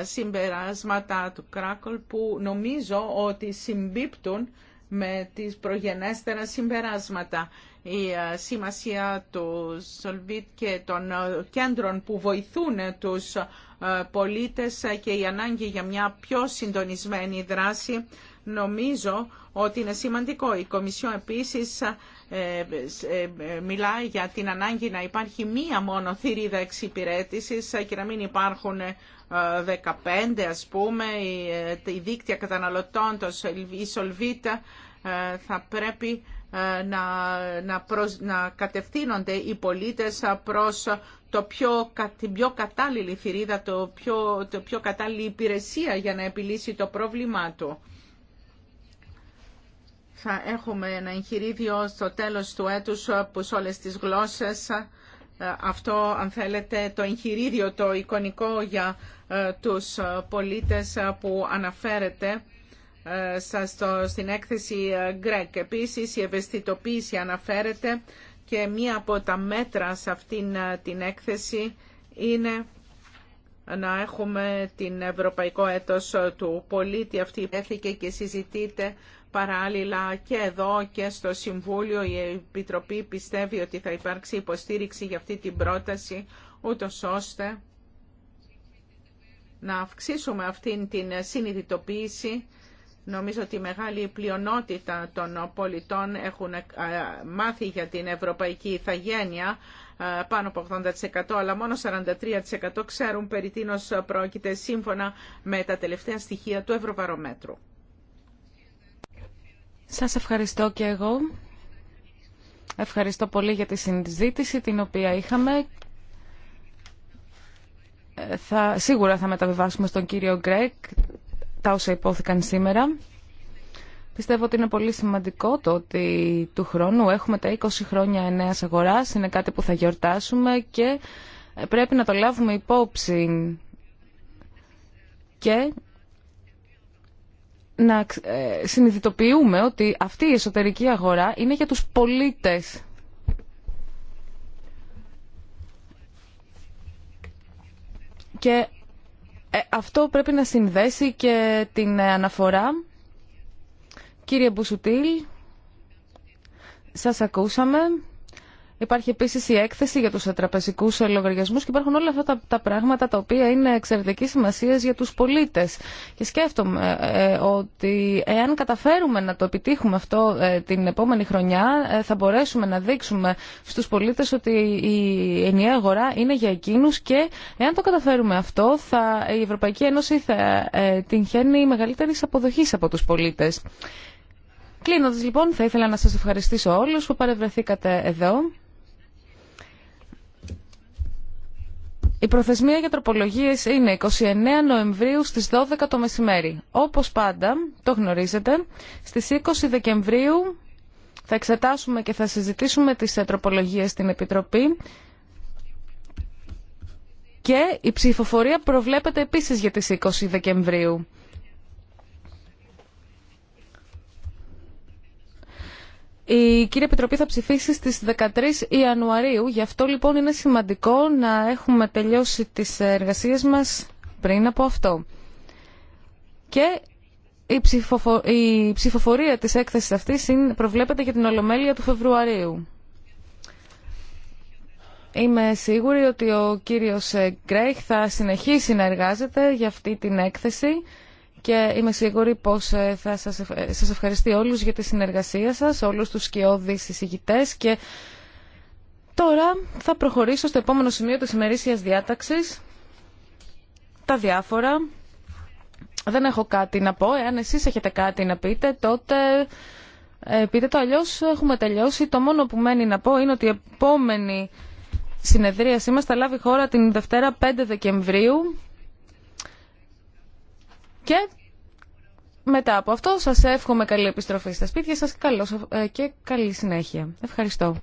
ε, συμπεράσματα του Κράκολ που νομίζω ότι συμπίπτουν με τις προγενέστερα συμπεράσματα. Η ε, σημασία του Σολβίτ και των ε, κέντρων που βοηθούν τους ε, πολίτες και η ανάγκη για μια πιο συντονισμένη δράση νομίζω ότι είναι σημαντικό. Η Κομισιόν επίσης μιλάει για την ανάγκη να υπάρχει μία μόνο θηρίδα εξυπηρέτησης και να μην υπάρχουν 15 ας πούμε, ε, η δίκτυα καταναλωτών, το, η Solvita, ε, θα πρέπει ε, να, να, να κατευθύνονται οι πολίτες προς το πιο, την πιο κατάλληλη θηρίδα, το πιο, το πιο κατάλληλη υπηρεσία για να επιλύσει το πρόβλημά του. Θα έχουμε ένα εγχειρίδιο στο τέλος του έτους που σε όλες τις γλώσσες ε, αυτό, αν θέλετε, το εγχειρίδιο, το εικονικό για ε, τους ε, πολίτες που αναφέρεται στην έκθεση Greg. Επίσης, η ευαισθητοποίηση αναφέρεται και μία από τα μέτρα σε αυτήν την έκθεση είναι να έχουμε την Ευρωπαϊκό Έτος του Πολίτη. Αυτή έθηκε και συζητείται Παράλληλα και εδώ και στο Συμβούλιο η Επιτροπή πιστεύει ότι θα υπάρξει υποστήριξη για αυτή την πρόταση, ούτω ώστε να αυξήσουμε αυτήν την συνειδητοποίηση. Νομίζω ότι η μεγάλη πλειονότητα των πολιτών έχουν ε, μάθει για την ευρωπαϊκή ηθαγένεια, ε, πάνω από 80%, αλλά μόνο 43% ξέρουν περί τίνος πρόκειται σύμφωνα με τα τελευταία στοιχεία του Ευρωβαρομέτρου. Σας ευχαριστώ και εγώ. Ευχαριστώ πολύ για τη συζήτηση την οποία είχαμε. Ε, θα, σίγουρα θα μεταβιβάσουμε στον κύριο Γκρέκ τα όσα υπόθηκαν σήμερα. Πιστεύω ότι είναι πολύ σημαντικό το ότι του χρόνου έχουμε τα 20 χρόνια νέας αγοράς. Είναι κάτι που θα γιορτάσουμε και ε, πρέπει να το λάβουμε υπόψη και να ε, συνειδητοποιούμε ότι αυτή η εσωτερική αγορά είναι για τους πολίτες. Και ε, αυτό πρέπει να συνδέσει και την ε, αναφορά. Κύριε Μπουσουτήλ, σας ακούσαμε. Υπάρχει επίση η έκθεση για του τραπεζικού λογαριασμού και υπάρχουν όλα αυτά τα, τα πράγματα τα οποία είναι εξαιρετική σημασία για του πολίτε. Και σκέφτομαι ε, ε, ότι εάν καταφέρουμε να το επιτύχουμε αυτό ε, την επόμενη χρονιά, θα μπορέσουμε να δείξουμε στου πολίτε ότι η ενιαία αγορά είναι για εκείνου και εάν το καταφέρουμε αυτό, θα, η Ευρωπαϊκή Ένωση θα την χαίνει μεγαλύτερη αποδοχή από του πολίτε. Κλείνοντας λοιπόν, θα ήθελα να σας ευχαριστήσω όλους που παρευρεθήκατε εδώ Η προθεσμία για τροπολογίε είναι 29 Νοεμβρίου στι 12 το μεσημέρι. Όπως πάντα, το γνωρίζετε, στις 20 Δεκεμβρίου θα εξετάσουμε και θα συζητήσουμε τις ε, τροπολογίε στην Επιτροπή και η ψηφοφορία προβλέπεται επίσης για τις 20 Δεκεμβρίου. Η κύρια Επιτροπή θα ψηφίσει στις 13 Ιανουαρίου, γι' αυτό λοιπόν είναι σημαντικό να έχουμε τελειώσει τις εργασίες μας πριν από αυτό. Και η, η ψηφοφορία της έκθεσης αυτής προβλέπεται για την Ολομέλεια του Φεβρουαρίου. Είμαι σίγουρη ότι ο κύριος Γκρέιχ θα συνεχίσει να εργάζεται για αυτή την έκθεση και είμαι σίγουρη πως ε, θα σας, ε, σας ευχαριστεί όλους για τη συνεργασία σας, όλους τους σκιώδεις εισηγητές και τώρα θα προχωρήσω στο επόμενο σημείο της ημερήσιας διάταξης, τα διάφορα. Δεν έχω κάτι να πω, εάν εσείς έχετε κάτι να πείτε τότε... Ε, πείτε το αλλιώς έχουμε τελειώσει. Το μόνο που μένει να πω είναι ότι η επόμενη συνεδρίασή μας θα λάβει χώρα την Δευτέρα 5 Δεκεμβρίου και μετά από αυτό σας εύχομαι καλή επιστροφή στα σπίτια σας ε, και καλή συνέχεια. Ευχαριστώ.